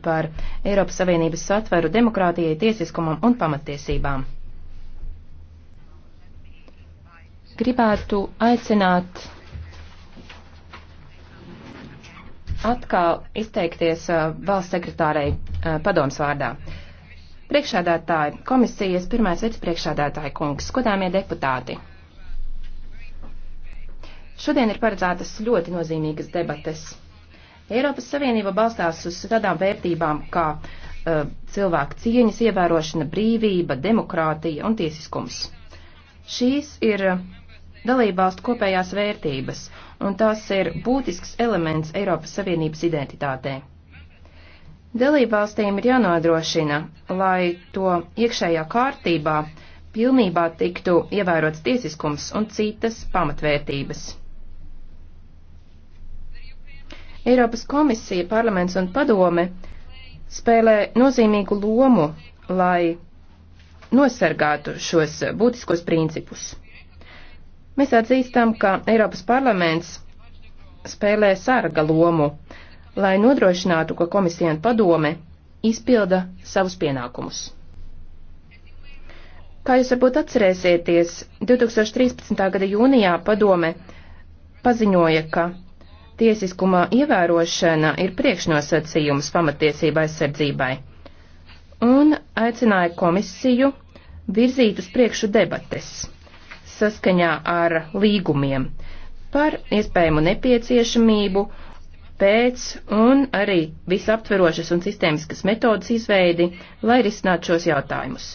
par Eiropas Savienības satveru demokrātijai, tiesiskumam un pamatiesībām. Gribētu aicināt atkal izteikties uh, valsts sekretārei uh, padoms vārdā. Priekšādātāji, komisijas pirmais vicepriekšādātāji kungs, skodāmie deputāti. Šodien ir paredzētas ļoti nozīmīgas debates Eiropas Savienība balstās uz tādām vērtībām kā uh, cilvēku cieņas ievērošana, brīvība, demokrātija un tiesiskums. Šīs ir dalībvalstu kopējās vērtības, un tās ir būtisks elements Eiropas Savienības identitātē. Dalībvalstīm ir jānodrošina, lai to iekšējā kārtībā pilnībā tiktu ievērots tiesiskums un citas pamatvērtības. Eiropas komisija, parlaments un padome spēlē nozīmīgu lomu, lai nosargātu šos būtiskos principus. Mēs atzīstam, ka Eiropas parlaments spēlē sarga lomu, lai nodrošinātu, ka komisija un padome izpilda savus pienākumus. Kā jūs varbūt atcerēsieties, 2013. gada jūnijā padome paziņoja, ka Tiesiskuma ievērošana ir priekšnosacījums pamatiesība aizsardzībai un aicināja komisiju virzīt uz priekšu debates saskaņā ar līgumiem par iespējamu nepieciešamību pēc un arī visaptverošas un sistēmiskas metodas izveidi, lai risinātu šos jautājumus.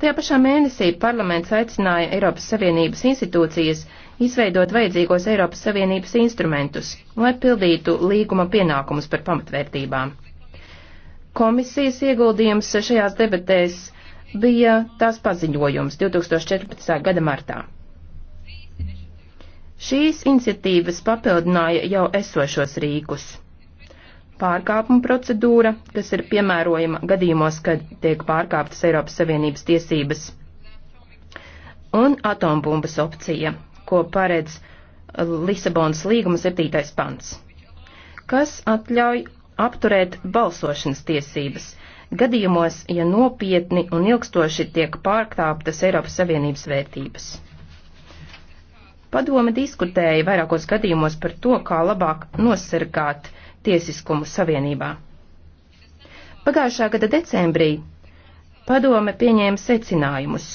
Tajā pašā mēnesī parlaments aicināja Eiropas Savienības institūcijas izveidot vajadzīgos Eiropas Savienības instrumentus, lai pildītu līguma pienākumus par pamatvērtībām. Komisijas ieguldījums šajās debatēs bija tās paziņojums 2014. gada martā. Šīs iniciatīvas papildināja jau esošos rīkus. Pārkāpuma procedūra, kas ir piemērojama gadījumos, kad tiek pārkāptas Eiropas Savienības tiesības, un atombumbas opcija, ko paredz Lisabonas līguma 7. pants, kas atļauj apturēt balsošanas tiesības gadījumos, ja nopietni un ilgstoši tiek pārkāptas Eiropas Savienības vērtības. Padome diskutēja vairākos gadījumos par to, kā labāk nosargāt tiesiskumu savienībā. Pagājušā gada decembrī padome pieņēma secinājumus,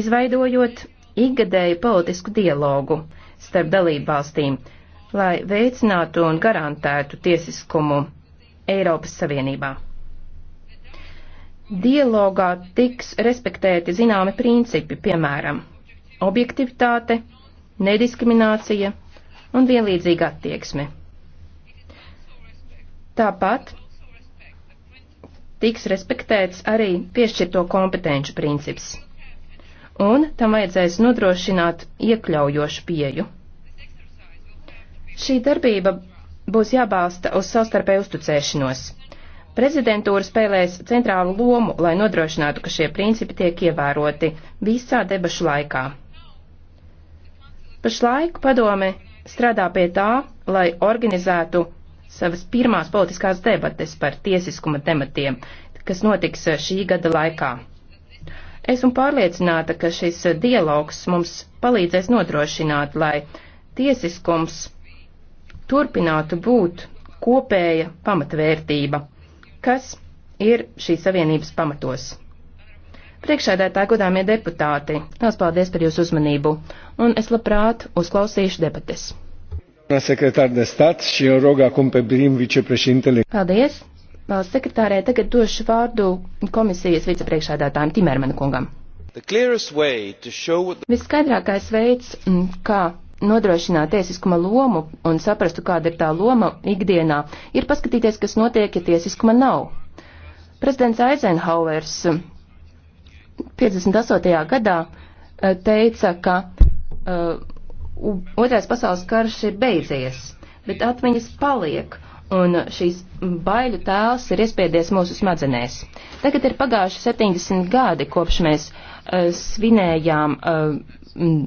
izveidojot ikgadēju politisku dialogu starp dalībvalstīm, lai veicinātu un garantētu tiesiskumu Eiropas Savienībā. Dialogā tiks respektēti zināmi principi, piemēram, objektivitāte, nediskriminācija un vienlīdzīga attieksme. Tāpat tiks respektēts arī piešķirto kompetenci princips un tam vajadzēs nodrošināt iekļaujošu pieju. Šī darbība būs jābalsta uz savstarpēju uzticēšanos. Prezidentūra spēlēs centrālu lomu, lai nodrošinātu, ka šie principi tiek ievēroti visā debašu laikā. Pašlaik padome strādā pie tā, lai organizētu savas pirmās politiskās debates par tiesiskuma tematiem, kas notiks šī gada laikā. Esmu pārliecināta, ka šis dialogs mums palīdzēs nodrošināt, lai tiesiskums turpinātu būt kopēja pamatvērtība, kas ir šīs savienības pamatos. Priekšēdētāji, godāmie deputāti, tās paldies par jūsu uzmanību, un es labprāt uzklausīšu debates. Paldies! valsts sekretārē. Tagad došu vārdu komisijas vicepriekšādātājiem Timermana kungam. What... Viskaidrākais veids, mm, kā nodrošināt tiesiskuma lomu un saprastu, kāda ir tā loma ikdienā, ir paskatīties, kas notiek, ja tiesiskuma nav. Prezidents Eisenhowers 58. Mm, gadā eh, teica, ka uh, otrais pasaules karš ir beidzies, bet atmiņas paliek un šīs baiļu tēls ir iespiedies mūsu smadzenēs. Tagad ir pagājuši 70 gadi, kopš mēs uh, svinējām uh,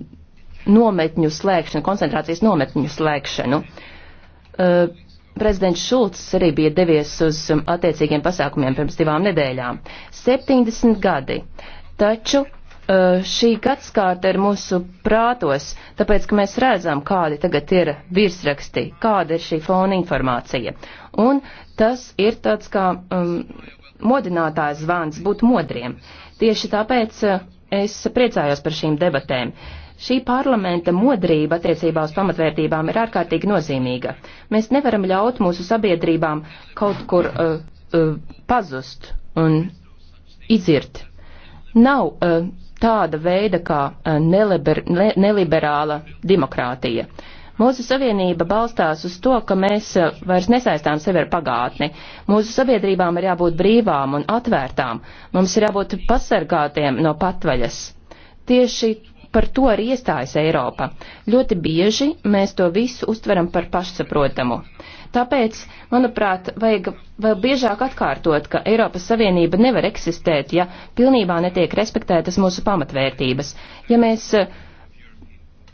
nometņu slēgšanu, koncentrācijas nometņu slēgšanu. Uh, prezidents Šulcs arī bija devies uz attiecīgiem pasākumiem pirms divām nedēļām. 70 gadi. Taču Eh, šī gadskārta ir mūsu prātos, tāpēc, ka mēs redzam, kādi tagad ir virsraksti, kāda ir šī fona informācija. Un tas ir tāds kā um, modinātājs zvans būt modriem. Tieši tāpēc eh, es priecājos par šīm debatēm. Šī parlamenta modrība attiecībā uz pamatvērtībām ir ārkārtīgi nozīmīga. Mēs nevaram ļaut mūsu sabiedrībām kaut kur uh, uh, pazust un izirt. Nav uh, tāda veida kā eh, neliber, ne, neliberāla demokrātija. Mūsu savienība balstās uz to, ka mēs eh, vairs nesaistām sevi ar pagātni. Mūsu sabiedrībām ir jābūt brīvām un atvērtām. Mums ir jābūt pasargātiem no patvaļas. Tieši par to arī iestājas Eiropa. Ļoti bieži mēs to visu uztveram par pašsaprotamu. Tāpēc, manuprāt, vajag vēl biežāk atkārtot, ka Eiropas Savienība nevar eksistēt, ja pilnībā netiek respektētas mūsu pamatvērtības. Ja mēs eh,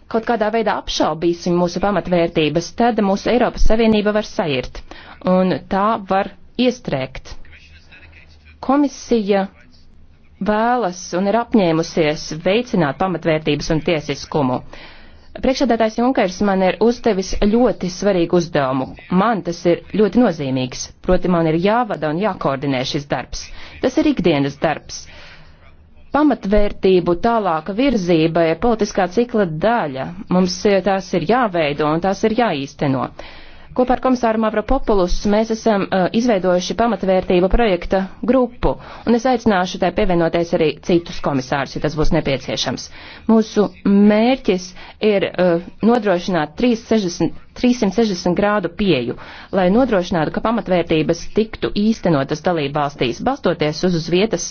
kaut kādā veidā apšaubīsim mūsu pamatvērtības, tad mūsu Eiropas Savienība var sairt, un tā var iestrēgt. Komisija vēlas un ir apņēmusies veicināt pamatvērtības un tiesiskumu. Priekšsēdētājs Junkers man ir uzdevis ļoti svarīgu uzdevumu. Man tas ir ļoti nozīmīgs, proti man ir jāvada un jākoordinē šis darbs. Tas ir ikdienas darbs. Pamatvērtību tālāka virzība ir politiskā cikla daļa. Mums eh, tās ir jāveido un tās ir jāīsteno. Kopā ar komisāru Mavropopulus mēs esam uh, izveidojuši pamatvērtību projekta grupu, un es aicināšu tai pievienoties arī citus komisārus, ja tas būs nepieciešams. Mūsu mērķis ir uh, nodrošināt 360, 360 grādu pieju, lai nodrošinātu, ka pamatvērtības tiktu īstenotas dalībvalstīs, balstoties uz uz vietas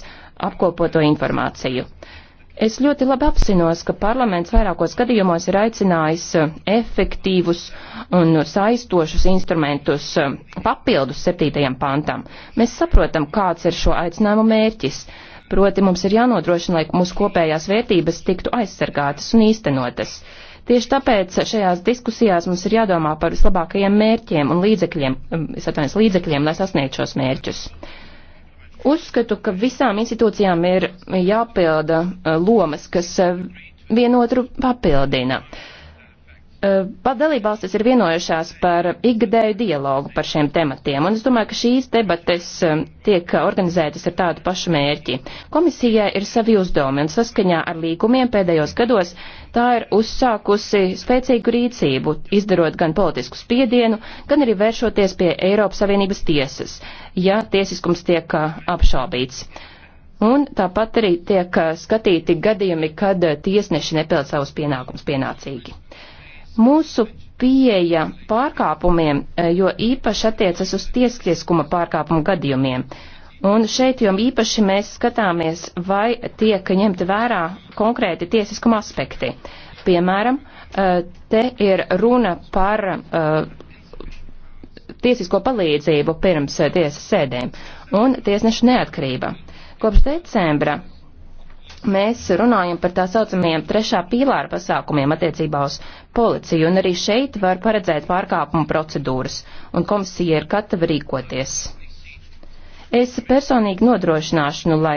apkopoto informāciju. Uh, Es ļoti labi apzinos, ka parlaments vairākos gadījumos ir aicinājis uh, efektīvus un saistošus instrumentus uh, papildus septītajam pantam. Mēs saprotam, kāds ir šo aicinājumu mērķis. Proti mums ir jānodrošina, lai mūsu kopējās vērtības tiktu aizsargātas un īstenotas. Tieši tāpēc šajās diskusijās mums ir jādomā par vislabākajiem mērķiem un līdzekļiem, um, es atvainojos, līdzekļiem, lai sasniegtu šos mērķus. Uzskatu, ka visām institūcijām ir jāpilda eh, lomas, kas eh, vienotru papildina. Uh, Pat dalībvalstis ir vienojušās par ikgadēju dialogu par šiem tematiem, un es domāju, ka šīs debates tiek organizētas ar tādu pašu mērķi. Komisijai ir savi uzdevumi, un saskaņā ar līgumiem pēdējos gados tā ir uzsākusi spēcīgu rīcību, izdarot gan politisku spiedienu, gan arī vēršoties pie Eiropas Savienības tiesas, ja tiesiskums tiek apšaubīts. Un tāpat arī tiek skatīti gadījumi, kad tiesneši nepild savus pienākumus pienācīgi. Mūsu pieeja pārkāpumiem, eh, jo īpaši attiecas uz tiesklieskuma pārkāpumu gadījumiem. Un šeit jau īpaši mēs skatāmies, vai tiek ņemti vērā konkrēti tiesiskuma aspekti. Piemēram, eh, te ir runa par eh, tiesisko palīdzību pirms tiesas sēdēm un tiesnešu neatkarība. Kopš decembra mēs runājam par tā saucamajiem trešā pīlāra pasākumiem attiecībā uz policiju, un arī šeit var paredzēt pārkāpumu procedūras, un komisija ir gatava rīkoties. Es personīgi nodrošināšu, nu, lai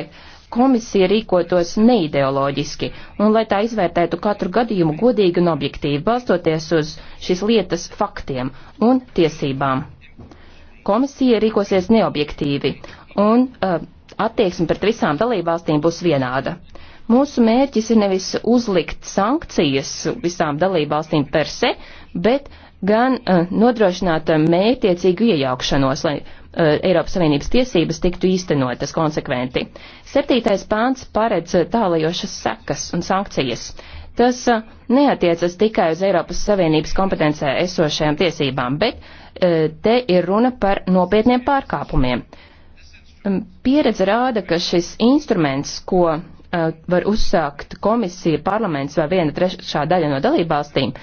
komisija rīkotos neideoloģiski, un lai tā izvērtētu katru gadījumu godīgi un objektīvi, balstoties uz šīs lietas faktiem un tiesībām. Komisija rīkosies neobjektīvi, un uh, attieksme pret visām dalībvalstīm būs vienāda. Mūsu mērķis ir nevis uzlikt sankcijas visām dalībvalstīm per se, bet gan uh, nodrošināt eh, mērķtiecīgu iejaukšanos, lai eh, Eiropas Savienības tiesības tiktu īstenotas konsekventi. Septītais pāns paredz tālajošas sekas un sankcijas. Tas neatiecas tikai uz Eiropas Savienības kompetencē esošajām tiesībām, bet te ir runa par nopietniem pārkāpumiem. Pieredze rāda, ka šis instruments, ko Eh, var uzsākt komisija, parlaments vai viena trešā daļa no dalībvalstīm,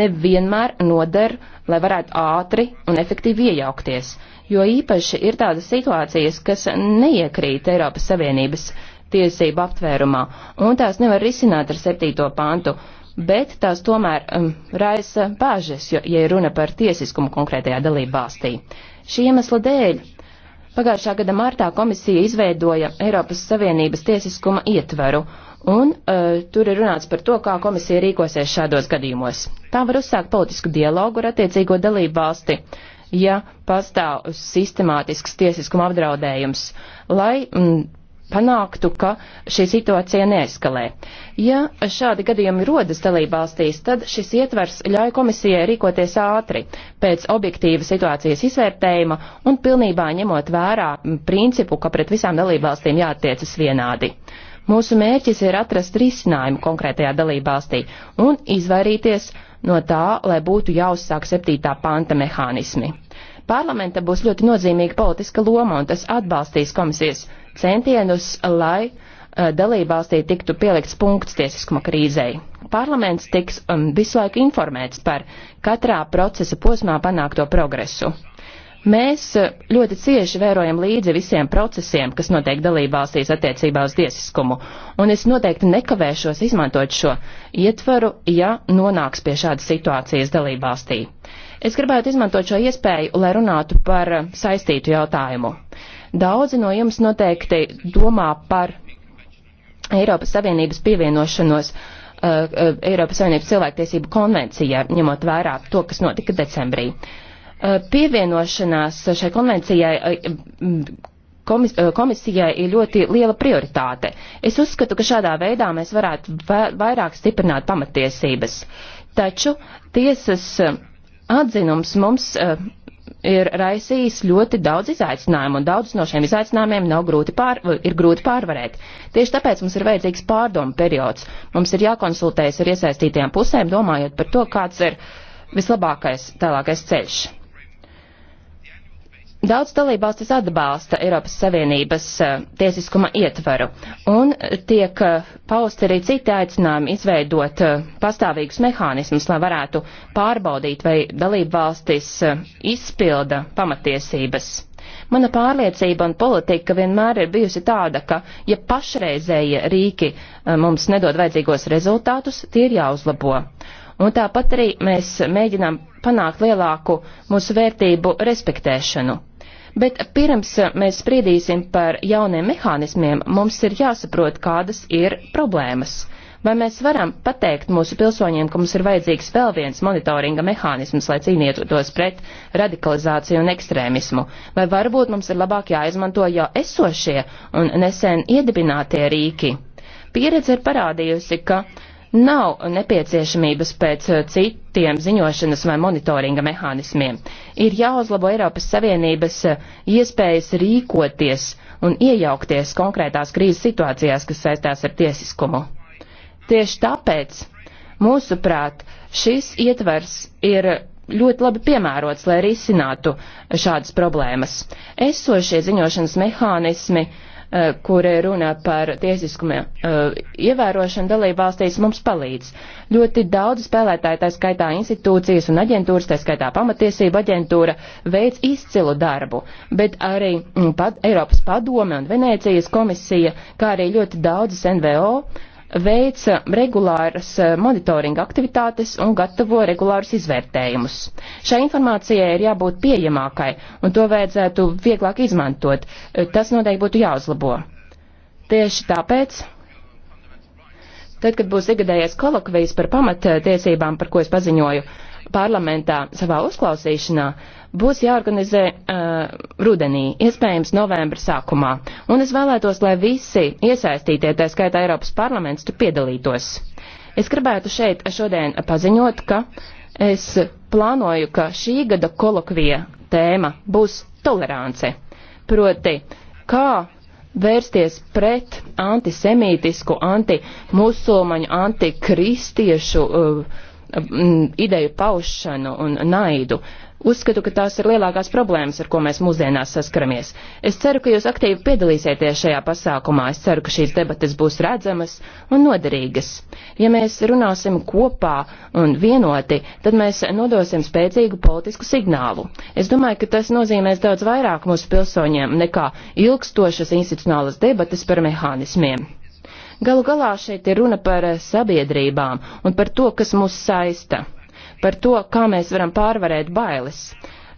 nevienmēr noder, lai varētu ātri un efektīvi iejaukties, jo īpaši ir tādas situācijas, kas neiekrīt Eiropas Savienības tiesību aptvērumā, un tās nevar risināt ar septīto pantu, bet tās tomēr um, raisa bāžas, jo, ja runa par tiesiskumu konkrētajā dalībvalstī. Šī iemesla dēļ Pagājušā gada martā komisija izveidoja Eiropas Savienības tiesiskuma ietvaru, un uh, tur ir runāts par to, kā komisija rīkosies šādos gadījumos. Tā var uzsākt politisku dialogu ar attiecīgo dalību valsti, ja pastāv sistemātisks tiesiskuma apdraudējums, lai mm, panāktu, ka šī situācija neeskalē. Ja šādi gadījumi rodas dalībvalstīs, tad šis ietvers ļauj komisijai rīkoties ātri, pēc objektīva situācijas izvērtējuma un pilnībā ņemot vērā principu, ka pret visām dalībvalstīm jātiecas vienādi. Mūsu mērķis ir atrast risinājumu konkrētajā dalībvalstī un izvairīties no tā, lai būtu jāuzsāk 7. panta mehānismi. Parlamenta būs ļoti nozīmīga politiska loma, un tas atbalstīs komisijas centienus, lai eh, dalībvalstī tiktu pielikts punkts tiesiskuma krīzei. Parlaments tiks um, visu laiku informēts par katrā procesa posmā panākto progresu. Mēs eh, ļoti cieši vērojam līdzi visiem procesiem, kas notiek dalībvalstīs attiecībā uz tiesiskumu, un es noteikti nekavēšos izmantot šo ietvaru, ja nonāks pie šādas situācijas dalībvalstī. Es gribētu izmantot šo iespēju, lai runātu par eh, saistītu jautājumu. Uh, Daudzi no jums noteikti domā par Eiropas Savienības pievienošanos uh, uh Eiropas Savienības cilvēktiesību konvencijā, ņemot vērā to, kas notika decembrī. Uh, pievienošanās šai konvencijai uh, mm, komis, uh, komisijai ir ļoti liela prioritāte. Es uzskatu, ka šādā veidā mēs varētu vairāk stiprināt pamatiesības. Taču tiesas uh, atzinums mums ir raisījis ļoti daudz izaicinājumu, un daudz no šiem izaicinājumiem nav grūti, pār, ir grūti pārvarēt. Tieši tāpēc mums ir vajadzīgs pārdomu periods. Mums ir jākonsultējas ar iesaistītajām pusēm, domājot par to, kāds ir vislabākais tālākais ceļš. Daudz dalībvalstis atbalsta Eiropas Savienības eh, tiesiskuma ietvaru, un tiek eh, pausti arī citi aicinājumi izveidot eh, pastāvīgus mehānismus, lai varētu pārbaudīt, vai dalībvalstis izpilda pamatiesības. Mana pārliecība un politika vienmēr ir bijusi tāda, ka, ja pašreizējie rīki mums nedod vajadzīgos rezultātus, tie ir jāuzlabo un tāpat arī mēs mēģinām panākt lielāku mūsu vērtību respektēšanu. Bet pirms eh, mēs spriedīsim par jauniem mehānismiem, mums ir jāsaprot, kādas ir problēmas. Vai mēs varam pateikt mūsu pilsoņiem, ka mums ir vajadzīgs vēl viens monitoringa mehānisms, lai cīnītos pret radikalizāciju un ekstrēmismu? Vai varbūt mums ir labāk jāizmanto jau esošie un nesen iedibinātie rīki? Pieredze ir parādījusi, ka uh, Nav nepieciešamības pēc eh, citiem ziņošanas vai monitoringa mehānismiem. Ir jāuzlabo Eiropas Savienības eh, iespējas rīkoties un iejaukties konkrētās krīzes situācijās, kas saistās ar tiesiskumu. Tieši tāpēc, mūsuprāt, šis ietvers ir ļoti labi piemērots, lai risinātu šādas problēmas. Esošie ziņošanas mehānismi uh, Eh, kur runā par tiesiskuma eh, ievērošanu dalību valstīs, mums palīdz. Ļoti daudz spēlētāji, tā skaitā institūcijas un aģentūras, tā skaitā pamatiesība aģentūra, veic izcilu darbu, bet arī mm, pat Eiropas padome un Venēcijas komisija, kā arī ļoti daudzas NVO veica regulāras eh, monitoringa aktivitātes un gatavo regulārus izvērtējumus. Šai informācijai ir jābūt pieejamākai, un to vajadzētu vieglāk izmantot. Eh, tas noteikti būtu jāuzlabo. Tieši tāpēc, tad, kad būs igadējais kolokvijas par pamattiesībām, par ko es paziņoju, uh, parlamentā savā uzklausīšanā būs jāorganizē uh, rudenī, iespējams novembra sākumā. Un es vēlētos, lai visi iesaistītie, tā skaitā Eiropas parlaments, tu piedalītos. Es gribētu šeit šodien paziņot, ka es plānoju, ka šī gada kolokvija tēma būs tolerance. Proti, kā vērsties pret antisemītisku, antimusulmaņu, antikristiešu uh, Mm, ideju paušanu un naidu. Uzskatu, ka tās ir lielākās problēmas, ar ko mēs mūsdienās saskaramies. Es ceru, ka jūs aktīvi piedalīsieties šajā pasākumā. Es ceru, ka šīs debates būs redzamas un noderīgas. Ja mēs runāsim kopā un vienoti, tad mēs nodosim spēcīgu politisku signālu. Es domāju, ka tas nozīmēs daudz vairāk mūsu pilsoņiem nekā ilgstošas institucionālas debates par mehānismiem. Galu galā šeit ir runa par eh, sabiedrībām un par to, kas mūs saista, par to, kā mēs varam pārvarēt bailes,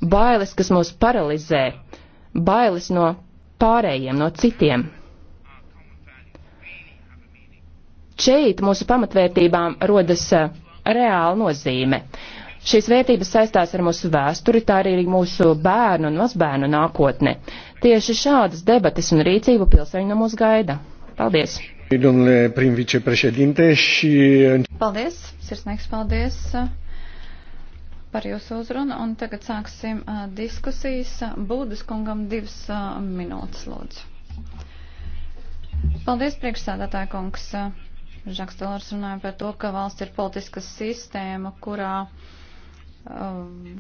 bailes, kas mūs paralizē, bailes no pārējiem, no citiem. Šeit mūsu pamatvērtībām rodas eh, reāla nozīme. Šīs vērtības saistās ar mūsu vēsturi, tā arī mūsu bērnu un mazbērnu nākotne. Tieši šādas debates un rīcību pilsēņi no mūs gaida. Paldies! Domnule prim vicepreședinte și... Uh, paldies, sirsnīgs paldies uh, par jūsu uzrunu un tagad sāksim uh, diskusijas. Būdas kungam divas minūtes lūdzu. Paldies, priekšsādātāja kungs. Žaks Telors runāja par to, ka valsts ir politiska sistēma, kurā uh,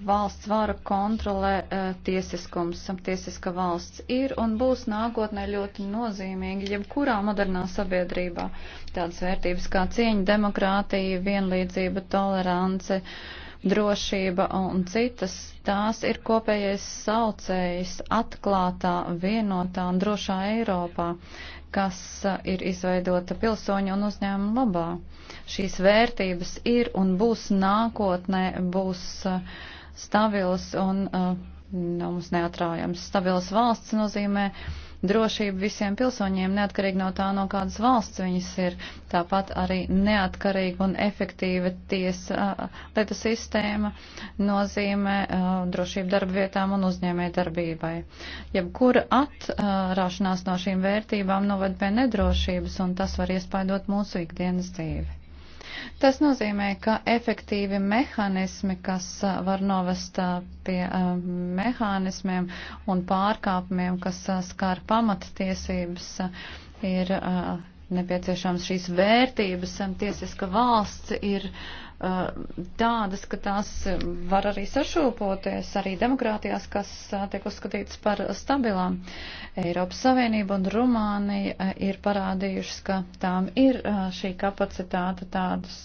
valsts vāra kontrolē e, tiesiskums, tiesiska valsts ir un būs nākotnē ļoti nozīmīgi, jebkurā modernā sabiedrībā tādas vērtības kā cieņa, demokrātija, vienlīdzība, tolerance, drošība un citas, tās ir kopējais saucējs atklātā, vienotā un drošā Eiropā kas ir izveidota pilsoņu un uzņēmumu labā. Šīs vērtības ir un būs nākotnē, būs stabils un no nu, mums neatrājams. Stabils valsts nozīmē drošību visiem pilsoņiem, neatkarīgi no tā, no kādas valsts viņas ir. Tāpat arī neatkarīga un efektīva tiesa lietu sistēma nozīmē uh, drošību darba vietām un uzņēmē darbībai. Jebkura atrāšanās no šīm vērtībām noved pie nedrošības, un tas var iespaidot mūsu ikdienas dzīvi. Tas nozīmē, ka efektīvi mehānismi, kas var novest pie mehānismiem un pārkāpumiem, kas skar pamatiesības, ir nepieciešams šīs vērtības. Tiesiska valsts ir Eh, tādas, ka tās var arī sašūpoties arī demokrātijās, kas eh, tiek uzskatītas par stabilām. Eiropas Savienība un Rumānija eh, ir parādījušas, ka tām ir šī kapacitāte tādus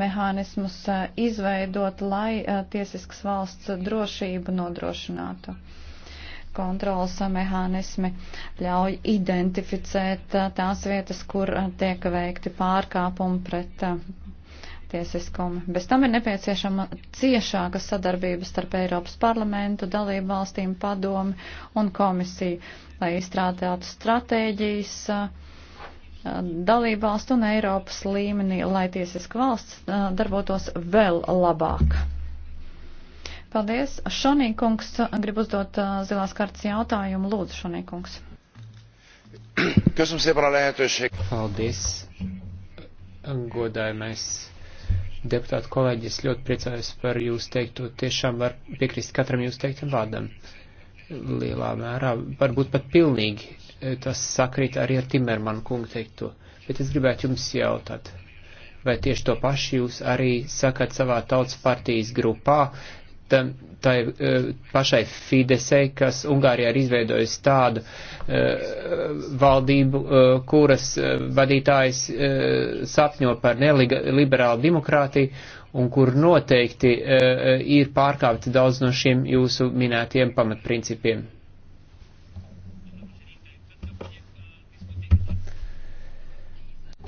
mehānismus izveidot, lai tiesiskas valsts drošību nodrošinātu kontrolas mehānismi ļauj identificēt tās vietas, kur tiek veikti pārkāpumi pret tiesiskumu. Bez tam ir nepieciešama ciešāka sadarbība starp Eiropas parlamentu, dalību valstīm, padomi un komisiju, lai izstrādātu stratēģijas dalību valstu un Eiropas līmenī, lai tiesiska valsts darbotos vēl labāk. Paldies. Šonīkungs grib uzdot zilās kartas jautājumu. Lūdzu, Šonīkungs. Köszönöm szépen a lehetőség. Paldies. Godājumais deputātu kolēģi, es ļoti priecājos par jūs teikto, tiešām var piekrist katram jūs teiktam vārdam. Lielā mērā, varbūt pat pilnīgi, e, tas sakrīt arī ar Timermanu kungu teikto. Bet es gribētu jums jautāt, vai tieši to pašu jūs arī sakat savā tautas partijas grupā, tam, tai e, pašai Fidesei, kas Ungārijā ir izveidojusi tādu e, valdību, e, kuras vadītājs sapņo par neliberālu demokrātiju un kur noteikti ir pārkāpti daudz no šiem jūsu minētiem pamatprincipiem.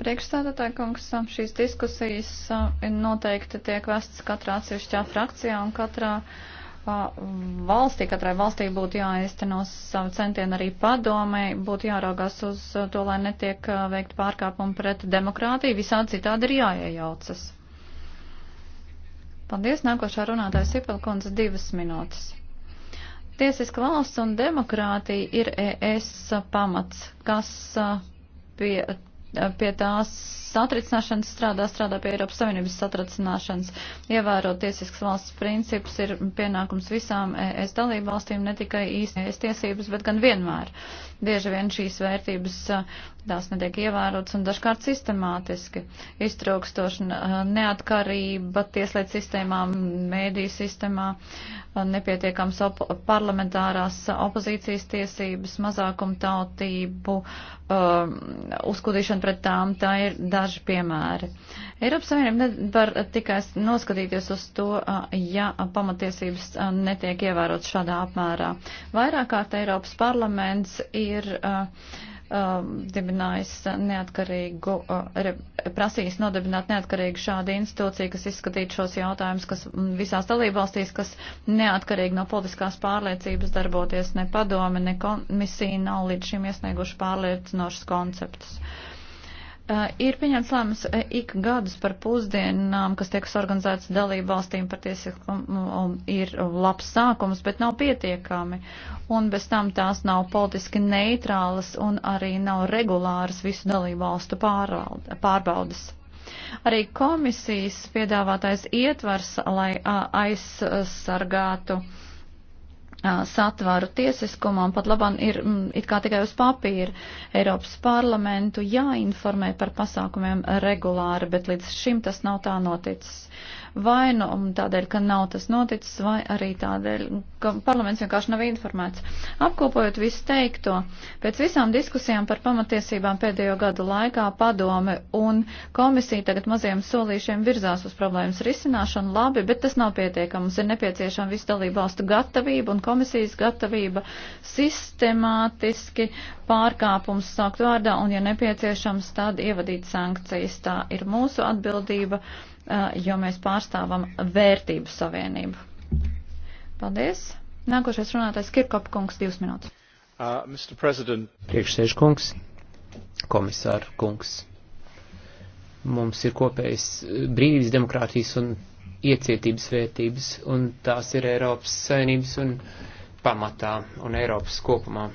Priekšstādātāja kungs, šīs diskusijas noteikti tiek vestas katrā atsevišķā frakcijā un katrā valstī, katrai valstī būtu jāizteno savu centienu arī padomē, būtu jāraugās uz to, lai netiek veikt pārkāpumu pret demokrātiju, visādi citādi ir jāiejaucas. Paldies, nākošā runātāja Sipelkundze divas minūtes. Tiesiska valsts un demokrātija ir ES pamats, kas pie pie tās satricināšanas strādā, strādā pie Eiropas Savienības satricināšanas. Ievērot tiesisks valsts principus ir pienākums visām ES dalību valstīm, ne tikai īstenības tiesības, bet gan vienmēr. Bieži vien šīs vērtības tās netiek ievērotas un dažkārt sistemātiski. Iztraukstošana, neatkarība tieslietu sistēmā, mēdīju sistēmā, nepietiekams op parlamentārās opozīcijas tiesības, mazākumtautību, um, uzkudīšana pret tām, tā ir daži piemēri. Eiropas Savienība nevar tikai noskatīties uz to, ja pamatiesības netiek ievērotas šādā apmērā. Vairāk kārt Eiropas parlaments ir dibinājis neatkarīgu, prasījis nodibināt neatkarīgu šādu institūciju, kas izskatītu šos jautājumus, kas visās dalībvalstīs, kas neatkarīgi no politiskās pārliecības darboties, ne padome, ne komisija nav līdz šim iesnieguši pārliecinošas konceptus. Uh, Eh, ir pieņemts lēmums eh, ik gadus par pusdienām, kas tiek organizētas dalību valstīm par tiesiskumu, mm, mm, ir labs sākums, bet nav pietiekami. Un bez tam tās nav politiski neitrālas un arī nav regulāras visu dalību valstu pārbaudas. Arī komisijas piedāvātais ietvars, lai eh, aizsargātu uh, satvaru tiesiskumā, un pat labam ir m, mm, it kā tikai uz papīra Eiropas parlamentu jāinformē par pasākumiem regulāri, bet līdz šim tas nav tā noticis vai nu tādēļ, ka nav tas noticis, vai arī tādēļ, ka parlaments vienkārši nav informēts. Apkopojot visu teikto, pēc visām diskusijām par pamatiesībām pēdējo gadu laikā padome un komisija tagad mazajiem solīšiem virzās uz problēmas risināšanu labi, bet tas nav pietiekami. Mums ir nepieciešama visu dalību valstu gatavība un komisijas gatavība sistemātiski pārkāpums sākt vārdā un, ja nepieciešams, tad ievadīt sankcijas. Tā ir mūsu atbildība jo mēs pārstāvam vērtību savienību. Paldies. Nākošais runātais Kirkop kungs, divas minūtes. Uh, Priekšsēž kungs, komisāru kungs. Mums ir kopējs brīvības, demokrātijas un iecietības vērtības, un tās ir Eiropas savienības un pamatā un Eiropas kopumā.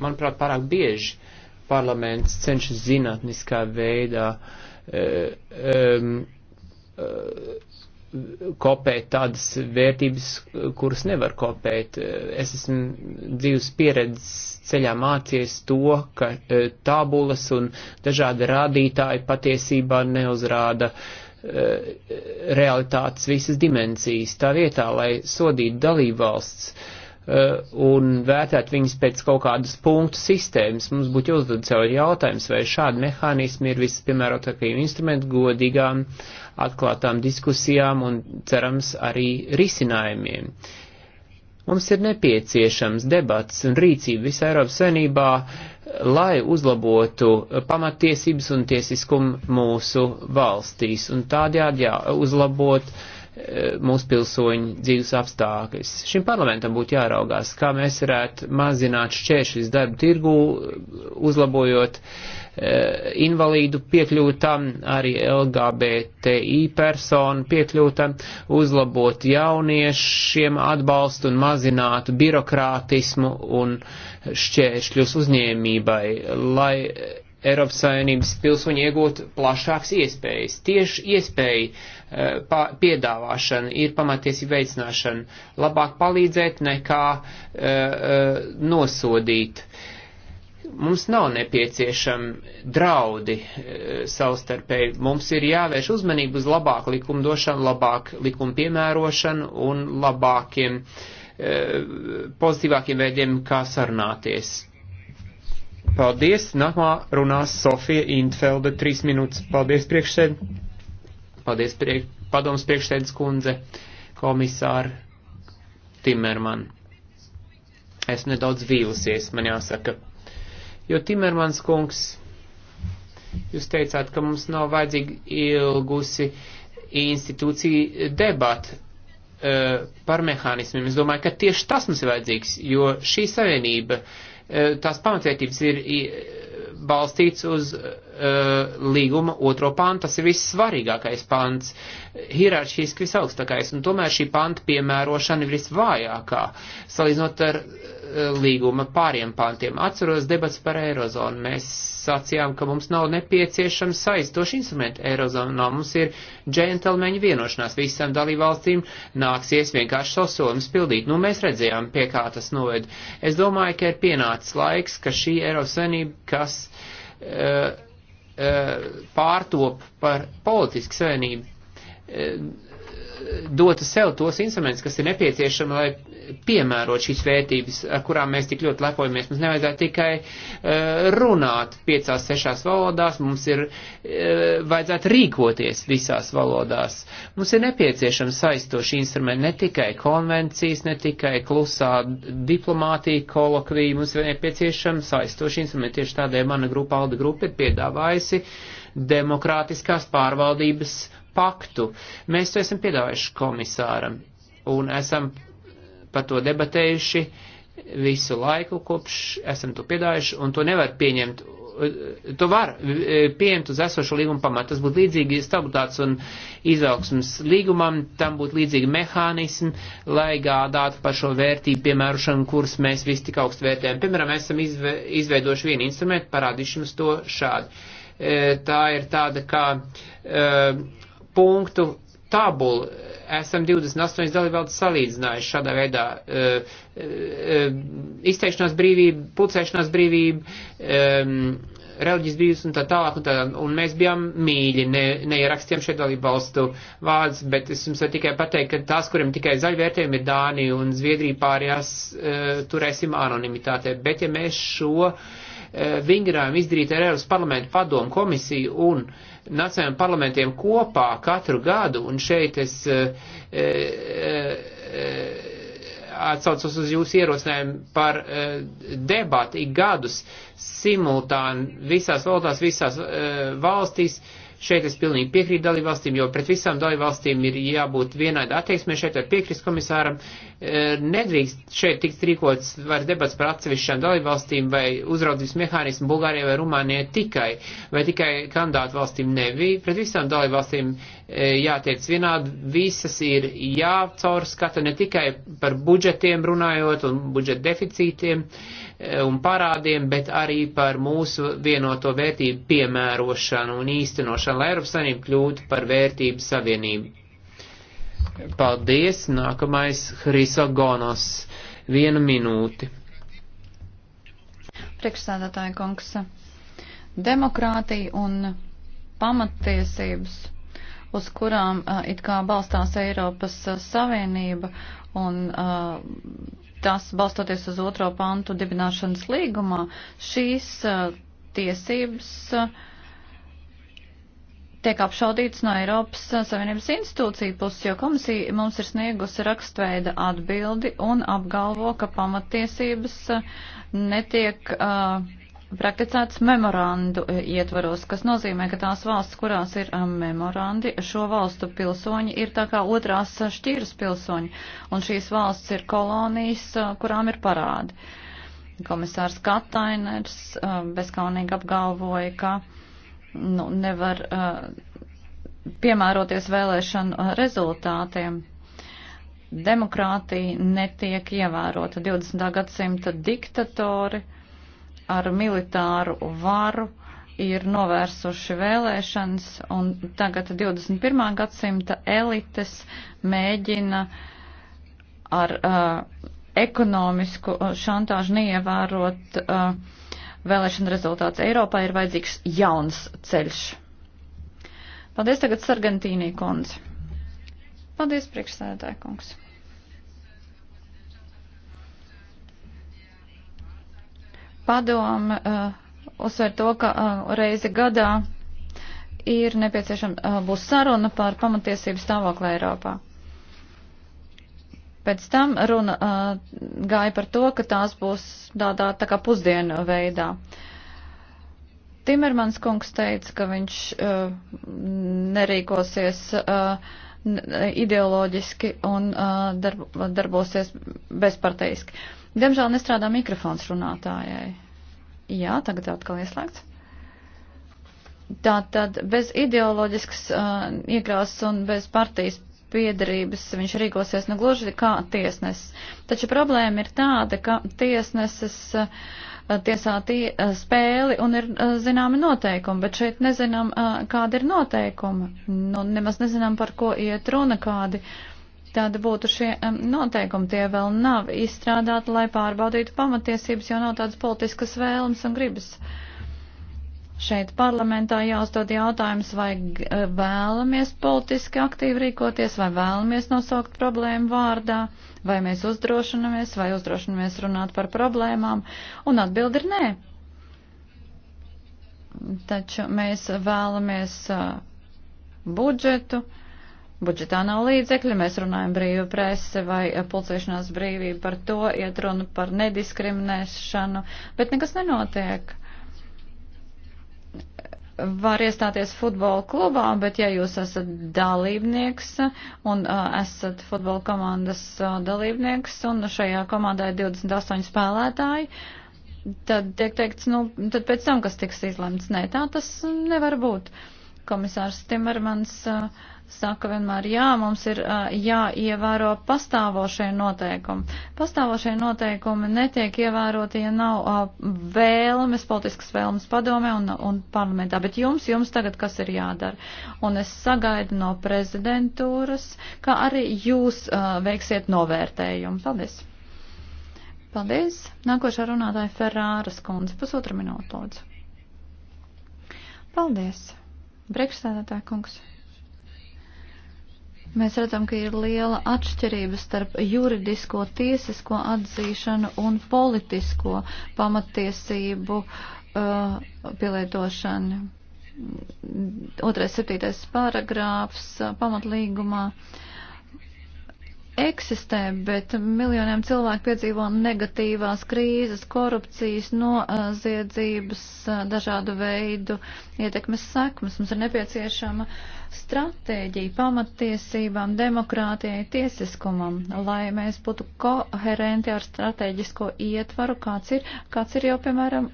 Manuprāt, pārāk bieži parlaments cenšas zinātniskā veidā uh, um, Uh, kopēt tādas vērtības, kuras nevar kopēt. Uh, es esmu dzīves pieredzes ceļā mācies to, ka uh, tabulas un dažādi rādītāji patiesībā neuzrāda realitātes visas dimensijas. Tā vietā, lai sodītu dalībvalsts, valsts, Eh, un vērtēt viņus pēc kaut kādas punktu sistēmas. Mums būtu jāuzdod sev jautājums, vai šādi mehānismi ir vispiemērotākajiem instrumentu godīgām, atklātām diskusijām un cerams arī risinājumiem. Mums ir nepieciešams debats un rīcība visā Eiropas senībā, lai uzlabotu pamatiesības un tiesiskumu mūsu valstīs un tādējādi jāuzlabot uh, mūsu pilsoņu dzīves apstākļus. Šim parlamentam būtu jāraugās, kā mēs varētu mazināt šķēršļus darba tirgu, uzlabojot e, invalīdu piekļūtam, arī LGBTI personu piekļūtam, uzlabot jauniešiem atbalstu un mazinātu birokrātismu un šķēršļus uzņēmībai, lai Eiropas Savienības pilsoņi iegūt plašāks iespējas. Tieši iespēja eh, pā, piedāvāšana ir pamatiesība veicināšana. Labāk palīdzēt nekā uh, nosodīt. Mums nav nepieciešami draudi uh, savstarpēji. Mums ir jāvērš uzmanību uz labāku likumdošanu, labāku likumu piemērošanu un labākiem, uh, pozitīvākiem veidiem, kā sarunāties Paldies. Nākamā runās Sofija Intfelde. Trīs minūtes. Paldies, priekšsēd. Paldies, priek... padoms priekšsēdes kundze, komisāra Timerman. Es nedaudz vīlusies, man jāsaka. Jo Timermans kungs, jūs teicāt, ka mums nav vajadzīga ilgusi institūcija debata uh, eh, par mehānismiem. Es domāju, ka tieši tas mums ir vajadzīgs, jo šī savienība uh, Eh, tās pamatvērtības ir balstīts uz Eh, līguma otro pantu, tas ir vissvarīgākais pants, hierarhiski visaugstākais, un tomēr šī panta piemērošana ir visvājākā, salīdzinot ar eh, līguma pāriem pantiem. Atceros debats par Eirozonu, mēs sacījām, ka mums nav nepieciešams saistoši instrumenti Eirozonā, mums ir džentelmeņu vienošanās, visām dalībvalstīm nāksies vienkārši savus solījumus pildīt. Nu, mēs redzējām, pie kā tas noved. Es domāju, ka ir pienācis laiks, ka šī Eiropas Savienība, kas uh, E, pārtop par politisku savienību, e, dotu sev tos instrumentus, kas ir nepieciešami, lai piemērot šīs vērtības, ar kurām mēs tik ļoti lepojamies. Mums nevajadzētu tikai eh, runāt piecās, sešās valodās, mums ir eh, vajadzētu rīkoties visās valodās. Mums ir nepieciešams saistoši instrumenti, ne tikai konvencijas, ne tikai klusā diplomātija, kolokvija, mums ir nepieciešams saistoši instrumenti. Tieši tādēļ mana grupa, Alda grupa, ir piedāvājusi demokrātiskās pārvaldības paktu. Mēs to esam piedāvājuši komisāram un esam par to debatējuši visu laiku, kopš esam to piedājuši, un to nevar pieņemt. Uh, to var uh, pieņemt uz esošu līgumu pamatu. Tas būtu līdzīgi stabilitātes un izaugsmas līgumam, tam būtu līdzīgi mehānismi, lai gādātu par šo vērtību piemērošanu, kuras mēs visi tik augstu vērtējam. Piemēram, mēs esam izve, izveidojuši vienu instrumentu, parādīšu jums to šādi. Uh, tā ir tāda kā punktu tabulu esam 28 dalībvalsts salīdzinājuši šādā veidā. E, e, e, izteikšanās brīvība, pulcēšanās brīvība, e, reliģijas brīvības un tā tālāk. Un, tā, un mēs bijām mīļi, ne, neierakstījām šeit dalībvalstu vārdus, bet es jums varu tikai pateikt, ka tās, kuriem tikai zaļvērtējumi ir Dānija un Zviedrija pārējās, e, turēsim anonimitātē. Bet ja mēs šo e, vingrājumu izdarītu ar Eiropas parlamentu padomu komisiju un uh, nacionālajiem parlamentiem kopā katru gadu, un šeit es e, e, atsaucos uz jūsu ierosinājumu par e, debatu ik gadus simultāni visās valodās, visās e, valstīs. E, Šeit es pilnīgi piekrītu dalībvalstīm, jo pret visām dalībvalstīm ir jābūt vienāda attieksme. Šeit var piekrist komisāram. E, nedrīkst šeit tikt rīkots vairs debats par atsevišķām dalībvalstīm vai uzraudzības mehānismu Bulgārijai vai Rumānijai tikai, vai tikai kandidātu valstīm nebija. Pret visām dalībvalstīm e, jātiec vienādi, visas ir jācaurskata ne tikai par budžetiem runājot un budžeta deficītiem, Eh, un parādiem, bet arī par mūsu vienoto vērtību piemērošanu un īstenošanu, lai Eiropas Savienība kļūtu par vērtību savienību. Paldies, nākamais Hrisogonos. Vienu minūti. Priekšsēdētāja kungs, demokrātija un pamattiesības, uz kurām uh, it kā balstās Eiropas uh, Savienība un uh, tas balstoties uz otro pantu dibināšanas līgumā, šīs uh, tiesības uh, tiek apšaudīts no Eiropas uh, Savienības institūciju puses, jo komisija mums ir sniegusi rakstveida atbildi un apgalvo, ka pamatiesības netiek uh, prakticētas memorandu e, ietvaros, kas nozīmē, ka tās valsts, kurās ir e, memorandi, šo valstu pilsoņi ir tā kā otrās e, šķīras pilsoņi, un šīs valsts ir kolonijas, kurām ir parādi. Komisārs Katainers bezkaunīgi apgalvoja, ka nu, nevar piemēroties vēlēšanu rezultātiem demokrātija netiek ievērota. 20. gadsimta diktatori ar militāru varu ir novērsuši vēlēšanas, un tagad 21. gadsimta elites mēģina ar uh, ekonomisku uh, šantāžu neievērot uh, vēlēšana rezultāts. Eiropā ir vajadzīgs jauns ceļš. Paldies tagad Sargentīnī kundze. Paldies priekšsēdētāj kungs. Padoma eh, uzsver to, ka eh, reizi gadā ir nepieciešama eh, būs saruna par pamatiesību stāvokli Eiropā. Pēc tam runa uh, gāja par to, ka tās būs tādā tā kā pusdienu veidā. Timermans kungs teica, ka viņš uh, nerīkosies uh, E, ideoloģiski un darb, darbosies bezparteiski. Diemžēl nestrādā mikrofons runātājai. Jā, tagad atkal ieslēgts. Tātad bez ideoloģiskas uh, iekrāsas un bez partijas piedarības viņš rīkosies nu gluži kā tiesnesis. Taču problēma ir tāda, ka tiesneses uh, Eh, tiesā tie, eh, spēli un ir eh, zināmi noteikumi, bet šeit nezinām, kāda ir noteikuma. Nu, nemaz nezinām, par ko iet runa, kādi tādi būtu šie noteikumi. Tie vēl nav izstrādāti, lai pārbaudītu pamatiesības, jo nav tādas politiskas vēlmes un gribas. Šeit parlamentā jāuzdod jautājums, vai vēlamies politiski aktīvi rīkoties, vai vēlamies nosaukt problēmu vārdā vai mēs uzdrošinamies, vai uzdrošinamies runāt par problēmām, un atbildi ir nē. Taču mēs vēlamies uh, budžetu, budžetā nav līdzekļi, mēs runājam brīvu presi vai uh, pulcēšanās brīvību par to, iet runu par nediskriminēšanu, bet nekas nenotiek var iestāties futbola klubā, bet ja jūs esat dalībnieks un uh, esat futbola komandas uh, dalībnieks un šajā komandā ir 28 spēlētāji, tad tiek teikts, nu, tad pēc tam, kas tiks izlemts, nē, tā tas nevar būt. Komisārs Timermans. Uh, saka vienmēr, jā, mums ir jāievēro pastāvošie noteikumi. Pastāvošie noteikumi netiek ievēroti, ja nav vēlmes, politiskas vēlmes padomē un, un parlamentā, bet jums, jums tagad kas ir jādara. Un es sagaidu no prezidentūras, ka arī jūs uh, veiksiet novērtējumu. Paldies! Paldies! Nākošā runātāja Ferāras kundze, pusotra minūte, lūdzu. Paldies! Priekšsēdētāja kungs. Mēs redzam, ka ir liela atšķirība starp juridisko, tiesisko atzīšanu un politisko pamatiesību uh, pielietošanu. Otrais septītais paragrāfs uh, pamatlīgumā eksistē, bet miljoniem cilvēku piedzīvo negatīvās krīzes, korupcijas, noziedzības, uh, dažādu veidu ietekmes sekmes. Mums ir nepieciešama uh, stratēģiju pamattiesībām, demokrātijai, tiesiskumam, lai mēs būtu koherenti ar strateģisko ietvaru, kāds ir, kāds ir jau, piemēram,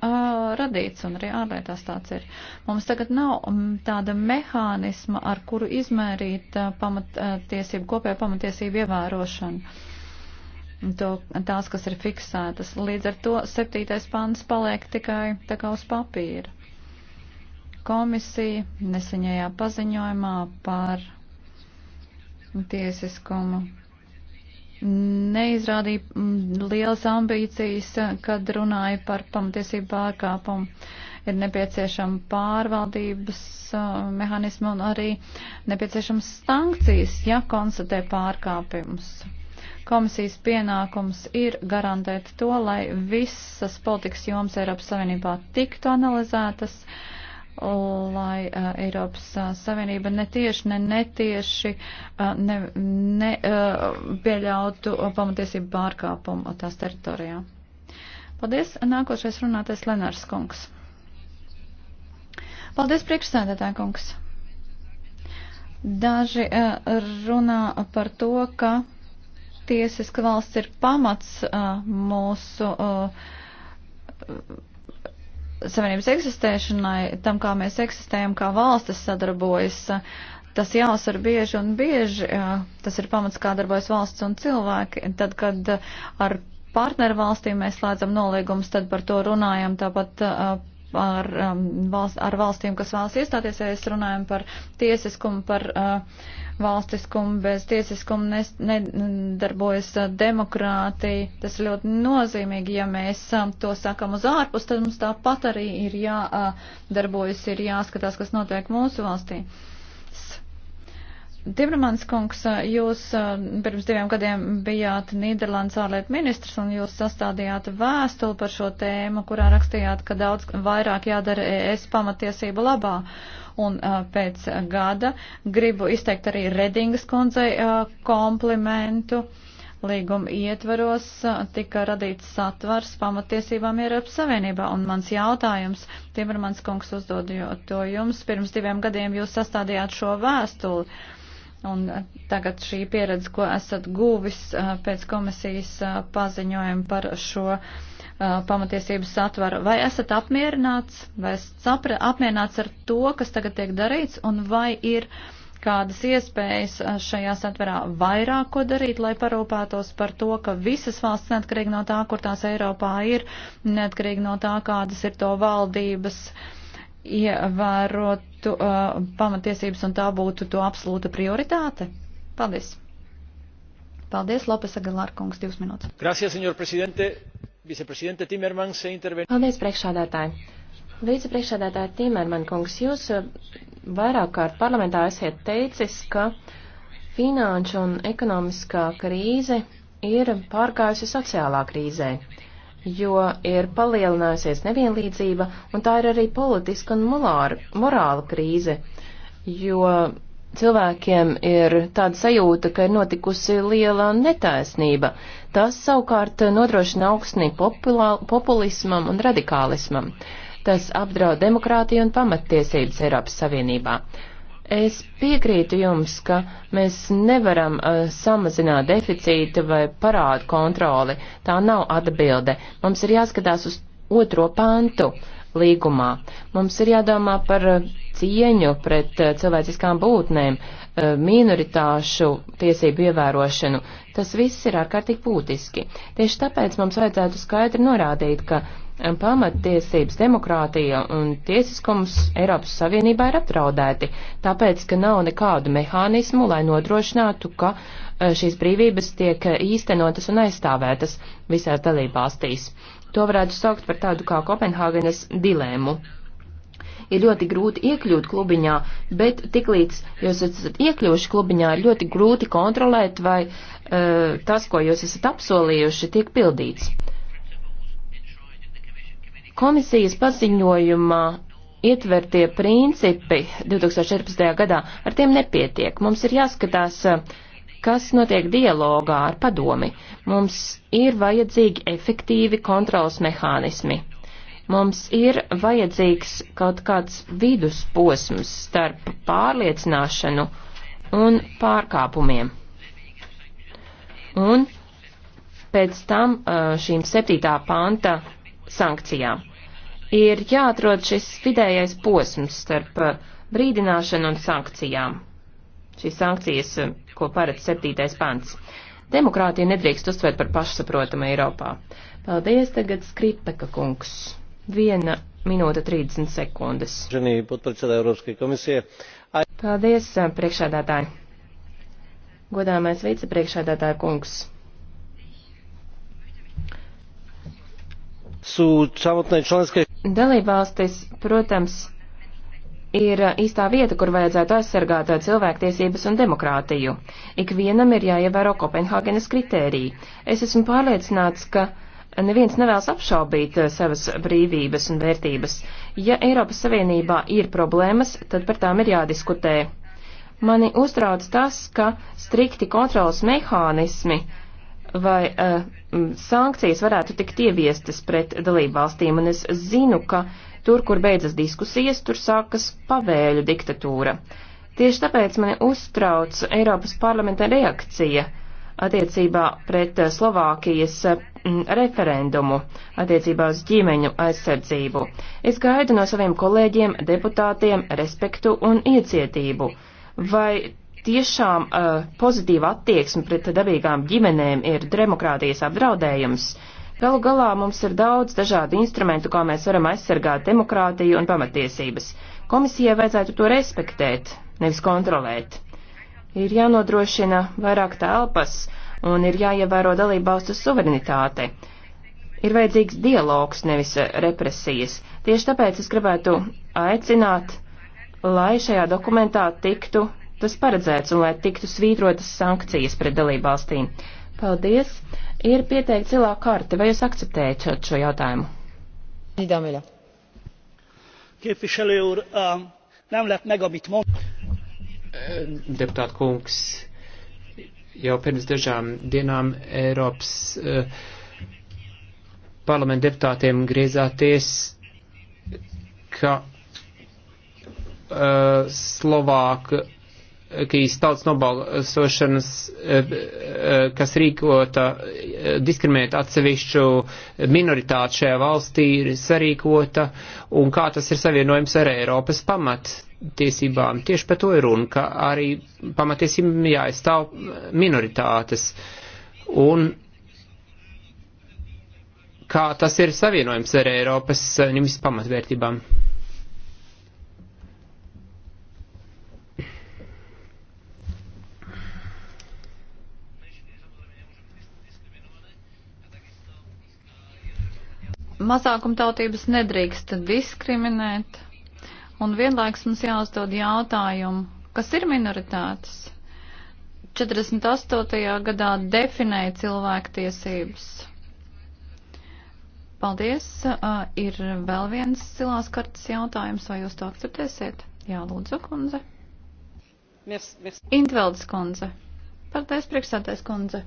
radīts, un arī ārlietās tāds ir. Mums tagad nav tāda mehānisma, ar kuru izmērīt pamattiesību, kopējo pamattiesību ievērošanu. To, tās, kas ir fiksētas. Līdz ar to septītais pants paliek tikai tā kā uz papīra. Komisija nesaņējā paziņojumā par tiesiskumu neizrādīja mm, lielas ambīcijas, kad runāja par pamatiesību pārkāpumu. Ir nepieciešama pārvaldības uh, mehānisma un arī nepieciešams sankcijas, ja konstatē pārkāpumus. Komisijas pienākums ir garantēt to, lai visas politikas jomas Eiropas Savienībā tiktu analizētas. Uh, lai uh, Eiropas uh, Savienība netieši, ne netieši uh, ne, ne, uh, pieļautu pamatiesību pārkāpumu tās teritorijā. Paldies. Nākošais runātais Lenārs Kungs. Paldies, priekšsēdētāja Kungs. Daži uh, runā par to, ka tiesiska valsts ir pamats uh, mūsu. Uh, Savienības eksistēšanai, tam, kā mēs eksistējam, kā valstis sadarbojas, tas jāsver bieži un bieži. Tas ir pamats, kā darbojas valsts un cilvēki. Tad, kad ar partneru valstīm mēs slēdzam nolīgumus, tad par to runājam. Tāpat par, um, valst, ar valstīm, kas vēlas iestāties, ja es runājam par tiesiskumu, par uh, valstiskumu, bez tiesiskumu nes, nedarbojas uh, demokrātija. Tas ir ļoti nozīmīgi, ja mēs um, to sakam uz ārpus, tad mums tāpat arī ir jādarbojas, uh, ir jāskatās, kas notiek mūsu valstī. Uh, Timermans kungs, jūs pirms diviem gadiem bijāt Nīderlandes ārlietu ministrs un jūs sastādījāt vēstuli par šo tēmu, kurā rakstījāt, ka daudz vairāk jādara ES pamatiesību labā. Un pēc gada gribu izteikt arī Redingas kundzei komplimentu. Līguma ietvaros tika radīts satvars pamatiesībām Eiropas Savienībā, un mans jautājums, Timermans kungs uzdod to jums, pirms diviem gadiem jūs sastādījāt šo vēstuli Un eh, tagad šī pieredze, ko esat guvis eh, pēc komisijas eh, paziņojuma par šo pamatiesības satvaru, vai esat apmierināts, vai esat apmierināts ar to, kas tagad tiek darīts, un vai ir kādas iespējas šajā satverā vairāk ko darīt, lai parūpētos par to, ka visas valsts, neatkarīgi no tā, kur tās Eiropā ir, neatkarīgi no tā, kādas ir to valdības, ievērot ievērotu uh, pamatiesības un tā būtu to absolūta prioritāte? Paldies. Paldies, Lopes Agalārkungs, divas minūtes. Gracias, senor presidente. Viceprezidente Timermans intervenē. Paldies, priekšādātāji. Vicepriekšādātāji Timerman kungs, jūs uh, vairāk kārt parlamentā esiet teicis, ka finanšu un ekonomiskā krīze ir pārgājusi sociālā krīzē jo ir palielinājusies nevienlīdzība, un tā ir arī politiska un molāra, morāla krīze, jo cilvēkiem ir tāda sajūta, ka ir notikusi liela netaisnība. Tas savukārt nodrošina augstnī populā, populismam un radikālismam. Tas apdraud demokrātiju un pamattiesības Eiropas Savienībā. Es piekrītu jums, ka mēs nevaram uh, samazināt deficītu vai parādu kontroli. Tā nav atbilde. Mums ir jāskatās uz otro pantu līgumā. Mums ir jādomā par uh, cieņu pret uh, cilvēciskām būtnēm, uh, minoritāšu tiesību ievērošanu. Tas viss ir ārkārtīgi būtiski. Tieši tāpēc mums vajadzētu skaidri norādīt, ka pamattiesības, demokrātija un tiesiskums Eiropas Savienībā ir apdraudēti, tāpēc, ka nav nekādu mehānismu, lai nodrošinātu, ka e, šīs brīvības tiek e, īstenotas un aizstāvētas visās dalībvalstīs. To varētu saukt par tādu kā Kopenhāgenes dilēmu. Ir ļoti grūti iekļūt klubiņā, bet tiklīdz jūs esat iekļuvuši klubiņā, ir ļoti grūti kontrolēt, vai uh, tas, ko jūs esat apsolījuši, tiek pildīts. Komisijas paziņojumā ietvertie principi 2014. gadā ar tiem nepietiek. Mums ir jāskatās, kas notiek dialogā ar padomi. Mums ir vajadzīgi efektīvi kontrols mehānismi. Mums ir vajadzīgs kaut kāds vidusposms starp pārliecināšanu un pārkāpumiem. Un pēc tam šīm septītā panta sankcijām. Ir jāatrod šis vidējais posms starp uh, brīdināšanu un sankcijām. Šīs sankcijas, uh, ko paredz septītais pants. Demokrātija nedrīkst uztvert par pašsaprotamu Eiropā. Paldies, tagad Skripeka kungs. Viena minūte 30 sekundes. Paldies, uh, priekšādātāji. Godāmais vicepriekšādātāja kungs. Dalībvalstis, protams, ir īstā vieta, kur vajadzētu aizsargāt cilvēktiesības un demokrātiju. Ikvienam ir jāievēro Kopenhāgenes kritērija. Es esmu pārliecināts, ka neviens nevēlas apšaubīt savas brīvības un vērtības. Ja Eiropas Savienībā ir problēmas, tad par tām ir jādiskutē. Mani uztrauc tas, ka strikti kontrolas mehānismi vai uh, Mm, sankcijas varētu tikt ieviestas pret dalību valstīm, un es zinu, ka tur, kur beidzas diskusijas, tur sākas pavēļu diktatūra. Tieši tāpēc mani uztrauc Eiropas parlamenta reakcija attiecībā pret eh, Slovākijas eh, referendumu attiecībā uz ģimeņu aizsardzību. Es gaidu no saviem kolēģiem, deputātiem respektu un iecietību. Vai Tiešām uh, pozitīva attieksme pret dabīgām ģimenēm ir demokrātijas apdraudējums. Galu galā mums ir daudz dažādu instrumentu, kā mēs varam aizsargāt demokrātiju un pamatiesības. Komisijai vajadzētu to respektēt, nevis kontrolēt. Ir jānodrošina vairāk telpas un ir jāievēro dalībvalstu suverenitāte. Ir vajadzīgs dialogs, nevis uh, represijas. Tieši tāpēc es gribētu aicināt, lai šajā dokumentā tiktu tas paredzēts un lai tiktu svītrotas sankcijas pret dalībvalstīm. Paldies. Ir pieteikta cilā karte. Vai jūs akceptējat šo, šo jautājumu? Nidamila. Képviselő úr, nem lett meg, amit mond. Deputāt kungs, jau pirms dažām dienām Eiropas parlamenta deputātiem griezāties, ka Slovāka Slovākijas tautas nobalsošanas, e, e, kas rīkota e, diskriminēt atsevišķu minoritāti šajā valstī, ir sarīkota, un kā tas ir savienojums ar Eiropas pamattiesībām. Tieši par to ir runa, ka arī pamatiesībām jāizstāv minoritātes. Un kā tas ir savienojums ar Eiropas Savienības pamatvērtībām. mazākumtautības nedrīkst diskriminēt, un vienlaiks mums jāuzdod jautājumu, kas ir minoritātes? 48. gadā definēja cilvēktiesības. Paldies. Uh, ir vēl viens cilās kartas jautājums, vai jūs to akceptēsiet? Jā, lūdzu, kundze. Intveldes kundze. Paldies, priekšsētais kundze.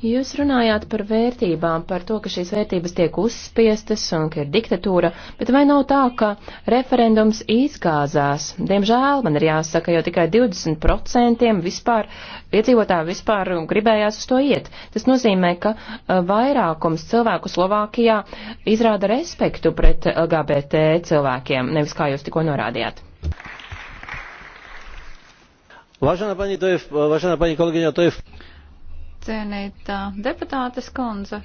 Jūs runājāt par vērtībām, par to, ka šīs vērtības tiek uzspiestas un ka ir diktatūra, bet vai nav tā, ka referendums izgāzās? Diemžēl man ir jāsaka, jo tikai 20% vispār iedzīvotāji vispār gribējās uz to iet. Tas nozīmē, ka uh, vairākums cilvēku Slovākijā izrāda respektu pret LGBT cilvēkiem, nevis kā jūs tikko norādījāt. Vážená pani, to je, vážená pani kolegyňa, to je cienītā deputātes kundze.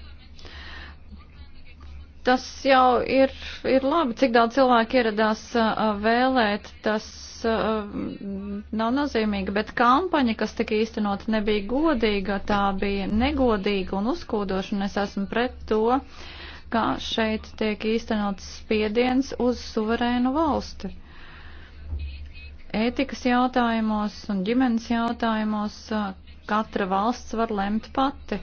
Tas jau ir, ir labi, cik daudz cilvēku ieradās uh, vēlēt, tas uh, nav nozīmīgi, bet kampaņa, kas tika īstenot, nebija godīga, tā bija negodīga un uzkūdoša, un es esmu pret to, kā šeit tiek īstenots spiediens uz suverēnu valsti ētikas jautājumos un ģimenes jautājumos uh, katra valsts var lemt pati.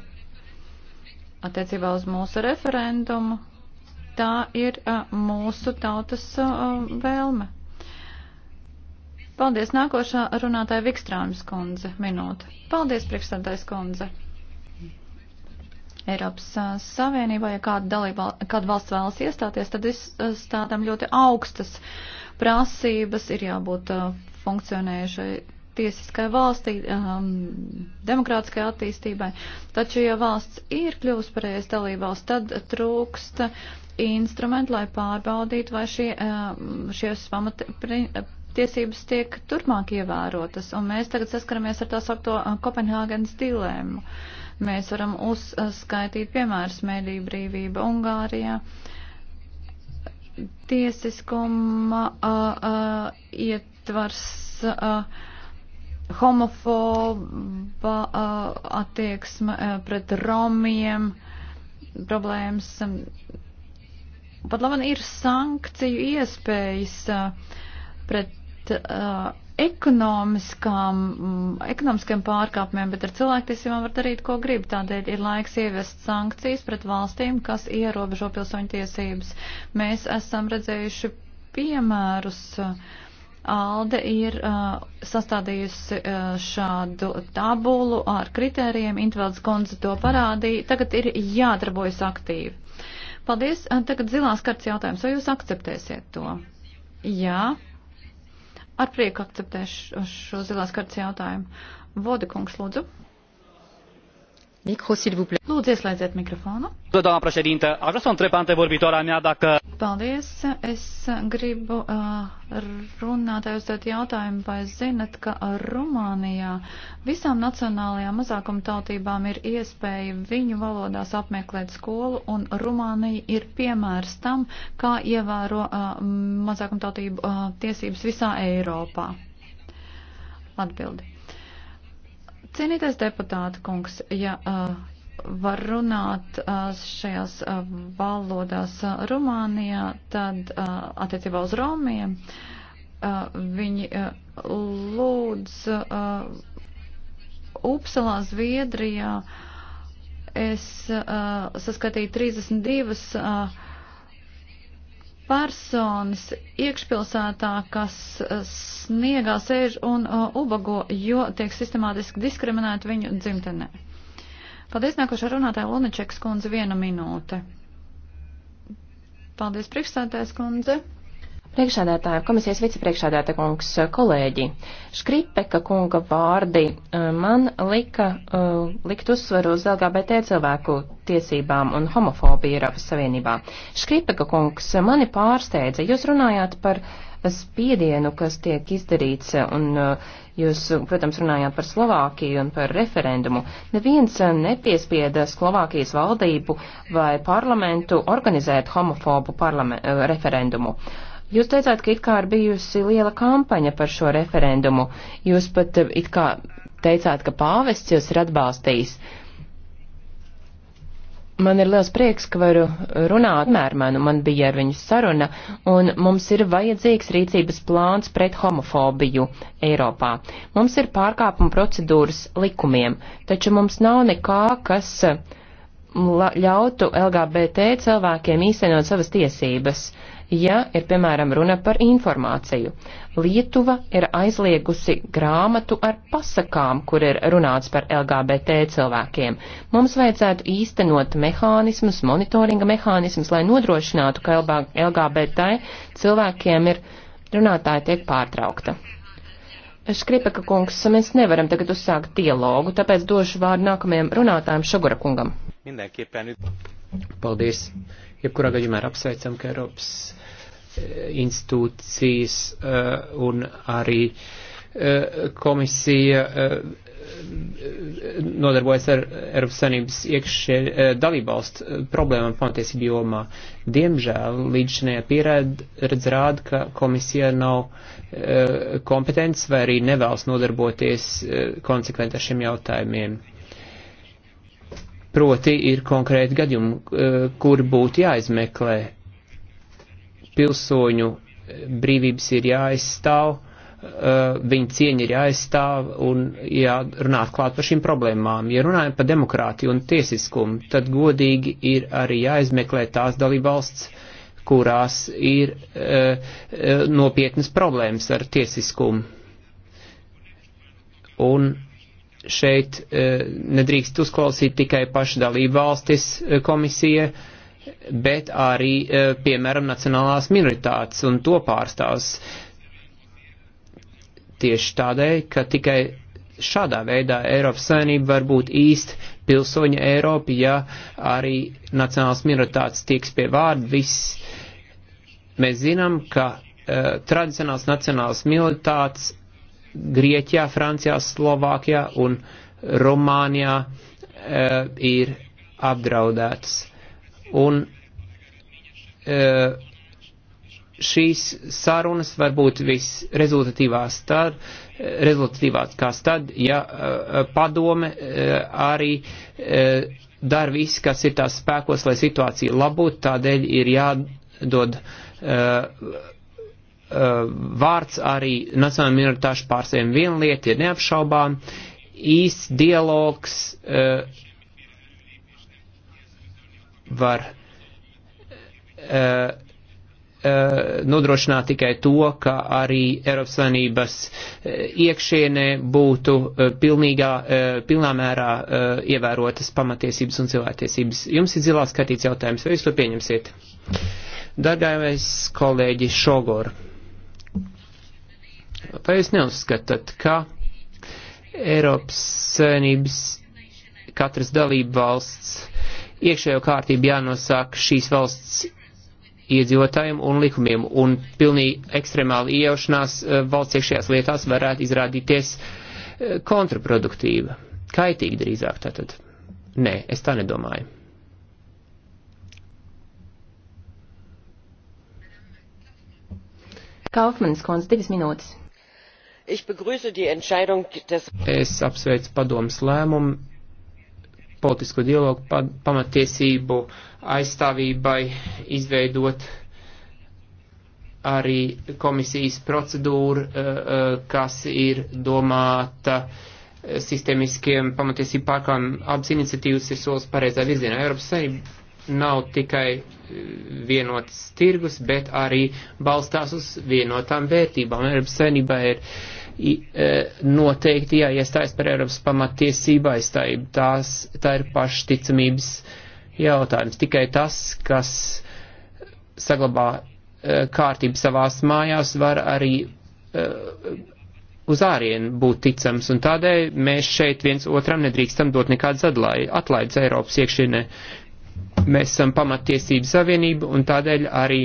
Attiecībā uz mūsu referendumu tā ir uh, mūsu tautas uh, vēlme. Paldies, nākošā runātāja Vikstrāmas kundze, minūte. Paldies, priekšstādājs kundze. Eiropas uh, Savienībā, ja kāda, dalība, kāda valsts vēlas iestāties, tad izstādām ļoti augstas prasības, ir jābūt uh, funkcionējušai tiesiskai valstī, um, demokrātiskai attīstībai. Taču, ja valsts ir kļuvusi par ES dalībvalsts, tad trūksta instrumentu, lai pārbaudītu, vai šie, um, šies pamat. Pri, Tiesības tiek turpmāk ievērotas, un mēs tagad saskaramies ar tā sakto uh, Kopenhāgenes dilēmu. Mēs varam uzskaitīt piemērus mēdīju brīvība Ungārijā, tiesiskuma uh, uh, ietvars. Uh, homofoba uh, attieksme uh, pret romiem problēmas. Um, pat labam ir sankciju iespējas uh, pret ekonomiskām, mm, ekonomiskiem pārkāpumiem, bet ar cilvēktiesībām var darīt, ko grib. Tādēļ ir laiks ievest sankcijas pret valstīm, kas ierobežo pilsoņu tiesības. Mēs esam redzējuši piemērus. Uh, Alde ir uh, sastādījusi uh, šādu tabulu ar kritērijiem, Intvelds kundze to parādīja, tagad ir jādarbojas aktīvi. Paldies, uh, tagad zilās kartas jautājums, vai jūs akceptēsiet to? Jā, ar prieku akceptēšu šo zilās kartas jautājumu. Vodekungs, lūdzu. Lūdzu, ieslēdziet mikrofonu. Doamna președinte, aș vrea să o întreb pe antevorbitoarea mea dacă... Paldies, es gribu uh, runātāju uzdot jautājumu, vai zinat, ka Rumānijā visām nacionālajām mazākumtautībām ir iespēja viņu valodās apmeklēt skolu, un Rumānija ir piemērs tam, kā ievēro uh, mazākumtautību uh, tiesības visā Eiropā. Atbildi. Cienītais deputāta kungs, ja uh, var runāt uh, šajās uh, valodās uh, Rumānijā, tad uh, attiecībā uz Romiem uh, viņi uh, lūdz uh, Upsalā, Zviedrijā. Es uh, saskatīju 32. Uh, personas iekšpilsētā, kas eh, sniegā sēž un uh, ubago, jo tiek sistemātiski diskriminēti viņu dzimtenē. Paldies, nākošā runātāja Lunačeks kundze, viena minūte. Paldies, priekšstādājas kundze. Priekšādātāja, komisijas vicepriekšādāta kungs, kolēģi, Škripeka kunga vārdi eh, man lika uh, likt uzsvaru uz LGBT cilvēku tiesībām un homofobiju Eiropas Savienībā. Škripeka kungs mani pārsteidza, jūs runājāt par spiedienu, kas tiek izdarīts, un uh, jūs, protams, runājāt par Slovākiju un par referendumu. Neviens nepiespieda Slovākijas valdību vai parlamentu organizēt homofobu parlame, uh, referendumu. Uh, Jūs teicāt, ka it kā ir bijusi liela kampaņa par šo referendumu. Jūs pat eh, it kā teicāt, ka pāvests jūs ir atbalstījis. Man ir liels prieks, ka varu runāt mērmēnu, man bija ar viņu saruna, un mums ir vajadzīgs rīcības plāns pret homofobiju Eiropā. Mums ir pārkāpuma procedūras likumiem, taču mums nav nekā, kas eh, ļautu LGBT cilvēkiem īstenot savas tiesības. Uh, ja ir, piemēram, runa par informāciju. Lietuva ir aizliegusi grāmatu ar pasakām, kur ir runāts par LGBT cilvēkiem. Mums vajadzētu īstenot mehānismus, monitoringa mehānismus, lai nodrošinātu, ka LGBT cilvēkiem ir runātāja tiek pārtraukta. Škripeka kungs, mēs nevaram tagad uzsākt dialogu, tāpēc došu vārdu nākamajam runātājam Šogura kungam. Mindenképpen. Paldies. Jebkurā gadījumā ir apsveicam, ka Eiropas institūcijas eh, un arī eh, komisija eh, nodarbojas ar Eiropas Sanības iekšē dalībvalstu problēmām pamatiesību jomā. Diemžēl līdz šajā pieredze rāda, ka komisija nav kompetents vai arī nevēlas nodarboties konsekventi ar šiem jautājumiem. Proti ir konkrēti gadījumi, kur būtu jāizmeklē pilsoņu brīvības ir jāaizstāv, eh, viņa cieņa ir jāaizstāv un jārunā atklāt par šīm problēmām. Ja runājam par demokrātiju un tiesiskumu, tad godīgi ir arī jāizmeklē tās dalībvalsts, kurās ir eh, nopietnas problēmas ar tiesiskumu. Un šeit eh, nedrīkst uzklausīt tikai paša dalība valstis komisija, bet arī, e, piemēram, nacionālās minoritātes un to pārstāvs. Tieši tādēļ, ka tikai šādā veidā Eiropas Savienība var būt īsti pilsoņa Eiropa, ja arī nacionālās minoritātes tieks pie vārda. Viss. Mēs zinām, ka uh, tradicionāls nacionāls minoritātes Grieķijā, Francijā, Slovākijā un Romānijā uh, e, ir apdraudētas Un e, šīs sarunas var būt visrezultatīvās tad, e, rezultatīvākās tad, ja e, padome arī dara viss, kas ir tās spēkos, lai situāciju labotu, tādēļ ir jādod vārds arī nacionālajiem minoritāšu pārstāvjiem. Viena lieta ir neapšaubām, īsts dialogs, uh, var uh, nodrošināt tikai to, ka arī Eiropas Savienības eh, iekšienē būtu pilnīgā, pilnā mērā ievērotas pamatiesības un cilvēktiesības. Jums ir zilā skatīts jautājums, vai jūs to pieņemsiet? Dargājais kolēģi Šogor, vai jūs neuzskatāt, ka Eiropas Savienības katras dalība valsts iekšējo kārtību jānosaka šīs valsts iedzīvotājiem un likumiem, un pilnīgi ekstremāli iejaušanās eh, valsts iekšējās lietās varētu izrādīties eh, kontraproduktīva, kaitīga drīzāk tātad. Nē, es tā nedomāju. Kaufmanis kundze, divas minūtes. Es apsveicu padomas lēmumu politisko dialogu pamatiesību aizstāvībai izveidot arī komisijas procedūru, eh, eh, kas ir domāta sistemiskiem pamatiesību pārkāpumiem. Abas iniciatīvas ir solis pareizā virzienā. Eiropas Savienība nav tikai eh, vienots tirgus, bet arī balstās uz vienotām vērtībām. Eiropas Savienībā ir E, noteikti jāiestājas par Eiropas pamatiesību aizstāvību. Tās, tā ir pašticamības jautājums. Tikai tas, kas saglabā e, kārtību savās mājās, var arī e, uz ārienu būt ticams, un tādēļ mēs šeit viens otram nedrīkstam dot nekādas atlaides Eiropas iekšienē. Mēs esam pamatiesības savienība, un tādēļ arī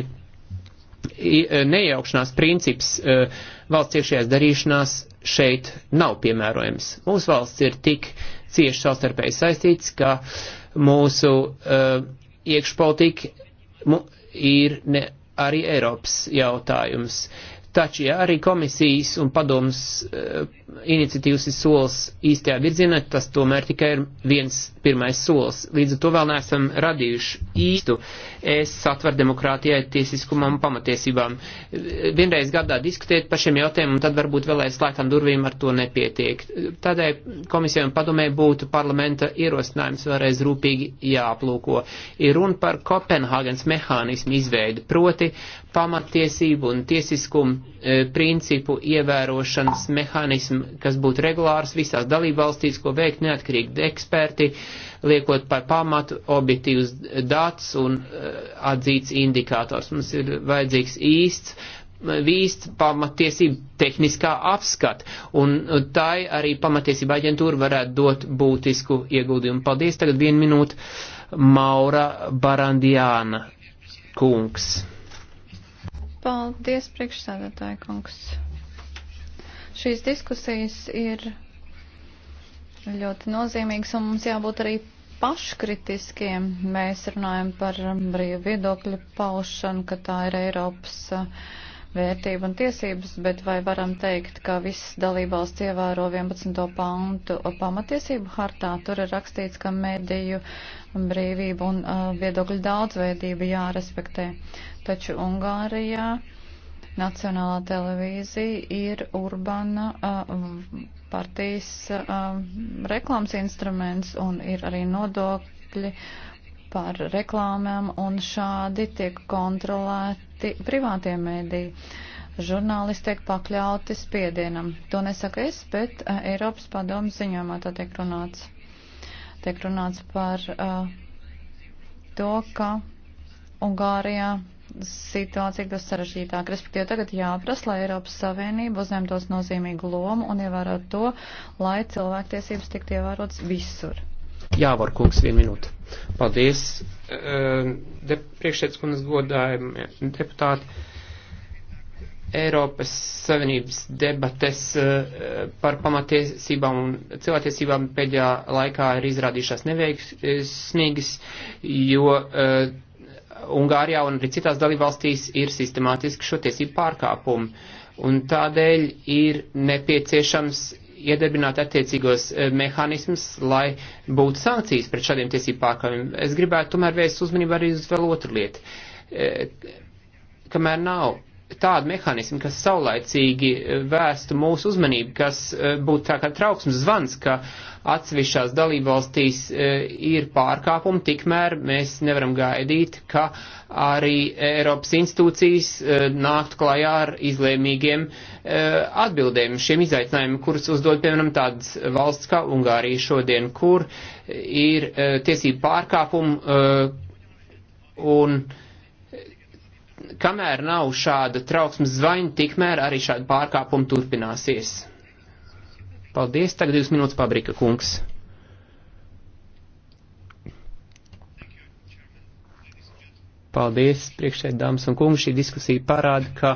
E, neiejaukšanās princips e, valsts iekšējās darīšanās šeit nav piemērojams. Mūsu valsts ir tik cieši savstarpēji saistīts, ka mūsu e, iekšpolitika ir ne, arī Eiropas jautājums. Taču, ja arī komisijas un padomas iniciatīvas ir solis īstajā virzienā, tas tomēr tikai ir viens pirmais solis. Līdz ar to vēl neesam radījuši īstu es satver demokrātijai, tiesiskumam un pamatiesībām. Vienreiz gadā diskutēt par šiem jautājumiem, un tad varbūt vēl aiz slēgtām durvīm ar to nepietiek. Tādēļ komisijai un padomē būtu parlamenta ierosinājums vēlreiz rūpīgi jāaplūko. Ir runa par Kopenhāgens mehānismu izveidu, proti pamatiesību un tiesiskumu e, principu ievērošanas mehānismu kas būtu regulārs visās dalībvalstīs, ko veikt neatkarīgi eksperti, liekot par pamatu objektīvs dats un eh, atzīts indikators. Mums ir vajadzīgs īsts vīst pamatiesību tehniskā apskata, un tai arī pamatiesība aģentūra varētu dot būtisku ieguldījumu. Paldies, tagad vienu minūtu Maura Barandiāna kungs. Paldies, priekšsēdētāja kungs. Šīs diskusijas ir ļoti nozīmīgas un mums jābūt arī paškritiskiem. Mēs runājam par brīvu viedokļu paušanu, ka tā ir Eiropas uh, vērtība un tiesības, bet vai varam teikt, ka viss dalībvalsts ievēro 11. pantu pamatiesību hartā? Tur ir rakstīts, ka mediju brīvība un uh, viedokļu daudzveidība jārespektē. Taču Ungārijā. Uh, Nacionālā televīzija ir urbana partijas reklāmas instruments un ir arī nodokļi par reklāmām un šādi tiek kontrolēti privātie mēdīji. Žurnālisti tiek pakļauti spiedienam. To nesaka es, bet Eiropas padomu ziņojumā tā tiek runāts. Tiek runāts par uh, to, ka Ungārijā situācija kļūst sarežģītāka. Respektīvi tagad jāprasa, lai Eiropas Savienība uzņemtos nozīmīgu lomu un ievērot to, lai cilvēktiesības tiktu ievērotas visur. Jā, var kungs, vienu minūti. Paldies, eh, de, priekšsēdus kundas godājumi deputāti. Eiropas Savienības debates eh, par pamatiesībām un cilvēktiesībām pēdējā laikā ir izrādījušās neveiksmīgas, jo eh, Ungārijā un arī citās dalībvalstīs ir sistemātiski šo tiesību pārkāpumi. Un tādēļ ir nepieciešams iedarbināt attiecīgos e, mehānismus, lai būtu sankcijas pret šādiem tiesību pārkāpumiem. Es gribētu tomēr vērst uzmanību arī uz vēl otru lietu. E, kamēr nav tādu mehānismu, kas saulaicīgi e, vērstu mūsu uzmanību, kas e, būtu tā kā trauksmes zvans, ka atsevišķās dalībvalstīs e, ir pārkāpumi, tikmēr mēs nevaram gaidīt, ka arī Eiropas institūcijas nāktu klajā ar izlēmīgiem atbildēm šiem izaicinājumiem, kurus uzdod, piemēram, tādas valsts kā Ungārija šodien, kur ir tiesību pārkāpumi un kamēr nav šāda trauksmes zvaņa, tikmēr arī šāda pārkāpuma turpināsies. Paldies, tagad divas minūtes pabrika kungs. Paldies, priekšēd dāmas un kungi, šī diskusija parāda, ka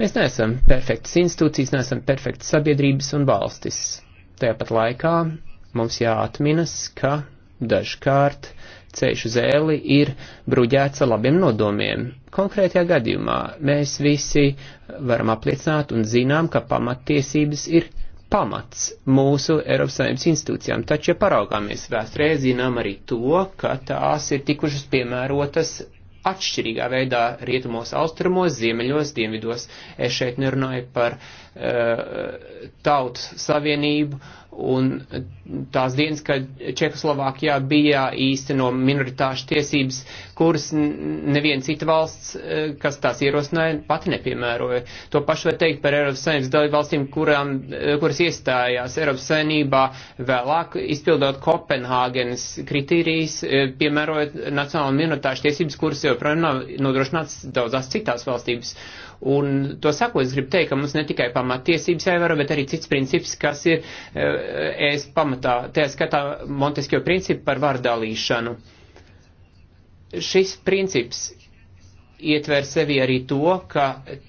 mēs neesam perfektas institūcijas, neesam perfektas sabiedrības un valstis. Tajāpat laikā mums jāatminas, ka dažkārt ceļš uz ēli ir bruģēts ar labiem nodomiem. Konkrētajā gadījumā mēs visi varam apliecināt un zinām, ka pamattiesības ir pamats mūsu Eiropas Savienības institūcijām. Taču, ja paraugāmies vēsturē, zinām arī to, ka tās ir tikušas piemērotas atšķirīgā veidā rietumos, austrumos, ziemeļos, dienvidos. Es šeit nerunāju par uh, tautas savienību, uh, un tās dienas, kad Čehoslovākijā bija īsteno minoritāšu tiesības, kuras neviena cita valsts, e, kas tās ierosināja, pati nepiemēroja. To pašu var teikt par Eiropas Savienības dalību valstīm, kurām, e, kuras iestājās Eiropas Savienībā vēlāk, izpildot Kopenhāgenes kritērijas, e, piemērojot nacionālu minoritāšu tiesības, kuras joprojām nav nodrošināts daudzās citās valstības. Un to sakot, es gribu teikt, ka mums ne tikai pamatiesības jāievēro, bet arī cits princips, kas ir eh, es pamatā, tā skatā Monteskio principu par vārdalīšanu. Šis princips ietver sevi arī to, ka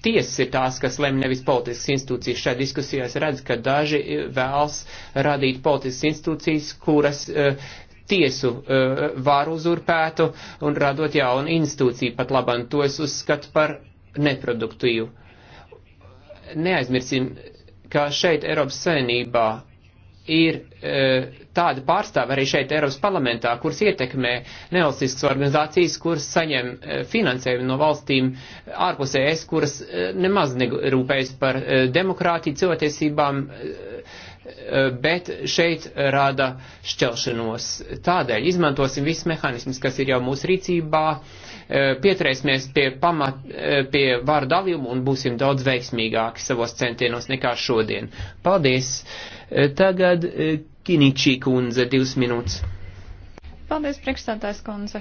tiesas ir tās, kas lem nevis politiskas institūcijas. Šajā diskusijā es redzu, ka daži eh, vēlas radīt politiskas institūcijas, kuras uh, tiesu uh, varu uzurpētu un radot jaunu institūciju pat labam. To es uzskatu par neproduktīvu. Neaizmirsim, ka šeit Eiropas Savienībā ir e, tāda pārstāva arī šeit Eiropas parlamentā, kuras ietekmē nevalstiskas organizācijas, kuras saņem e, finansējumu no valstīm ārpus ES, kuras e, nemaz nerūpējas par e, demokrātiju, cilvēktiesībām, e, bet šeit rada šķelšanos. Tādēļ izmantosim visus mehānismus, kas ir jau mūsu rīcībā, e, pieturēsimies pie, pamat, e, pie varu dalījumu un būsim daudz veiksmīgāki savos centienos nekā šodien. Paldies! E, tagad Kiničī kundze, divas minūtes. Paldies, priekšstādājs kundze.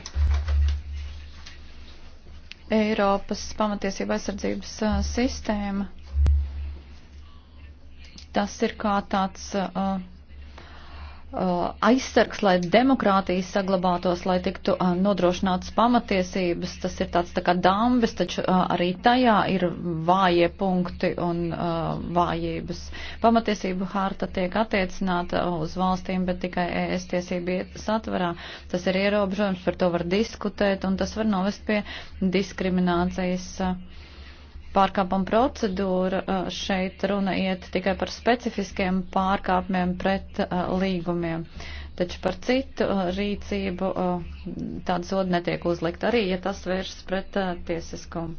Eiropas pamatiesība aizsardzības sistēma Tas ir kā tāds uh, uh aizsargs, lai demokrātija saglabātos, lai tiktu uh, nodrošinātas pamatiesības. Tas ir tāds tā kā dambis, taču uh, arī tajā ir vājie punkti un vājības. Pamatiesību harta tiek attiecināta uz valstīm, bet tikai ES tiesību satvarā. Tas ir ierobežojums, par to var diskutēt, un tas var novest pie diskriminācijas. Uh, pārkāpuma procedūra. Uh, šeit runa iet tikai par specifiskiem pārkāpumiem pret uh, līgumiem. Taču par citu uh, rīcību tāda soda netiek uzlikta arī, ja tas vēršas pret tiesiskumu.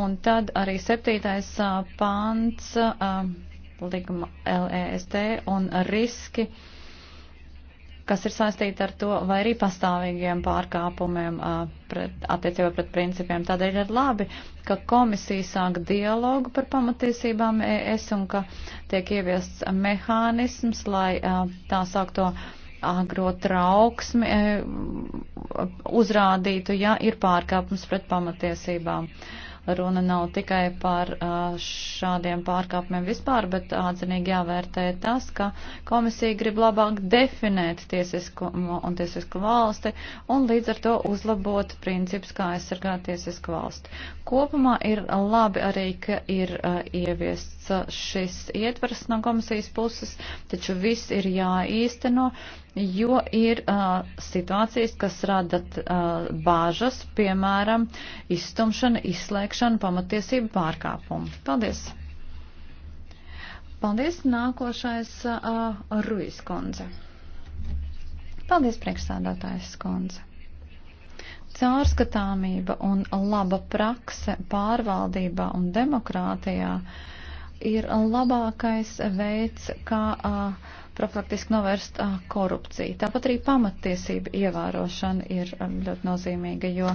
Un tad arī septītais pāns likuma LEST un riski. Uh, kas ir saistīti ar to, vai arī pastāvīgiem pārkāpumiem pret, attiecībā pret principiem. Tādēļ ir labi, ka komisija sāk dialogu par pamatiesībām ES un ka tiek ieviests mehānisms, lai tā sākto agro trauksmi uzrādītu, ja ir pārkāpums pret pamatiesībām. Uh, Runa nav tikai par šādiem pārkāpumiem vispār, bet atzinīgi jāvērtē tas, ka komisija grib labāk definēt tiesiskumu un tiesisku valsti un līdz ar to uzlabot principus, kā aizsargāt tiesisku valsti. Kopumā ir labi arī, ka ir ieviests šis ietvars no komisijas puses, taču viss ir jāīsteno jo ir uh, situācijas, kas rada uh, bāžas, piemēram, izstumšana, izslēgšana, pamatiesība pārkāpuma. Paldies! Paldies! Nākošais uh, Ruijas kundze. Paldies, priekšsādātājs kundze! Cārskatāmība un laba prakse pārvaldībā un demokrātijā ir labākais veids, kā uh, profilaktiski novērst korupciju. Tāpat arī pamattiesība ievērošana ir ļoti nozīmīga, jo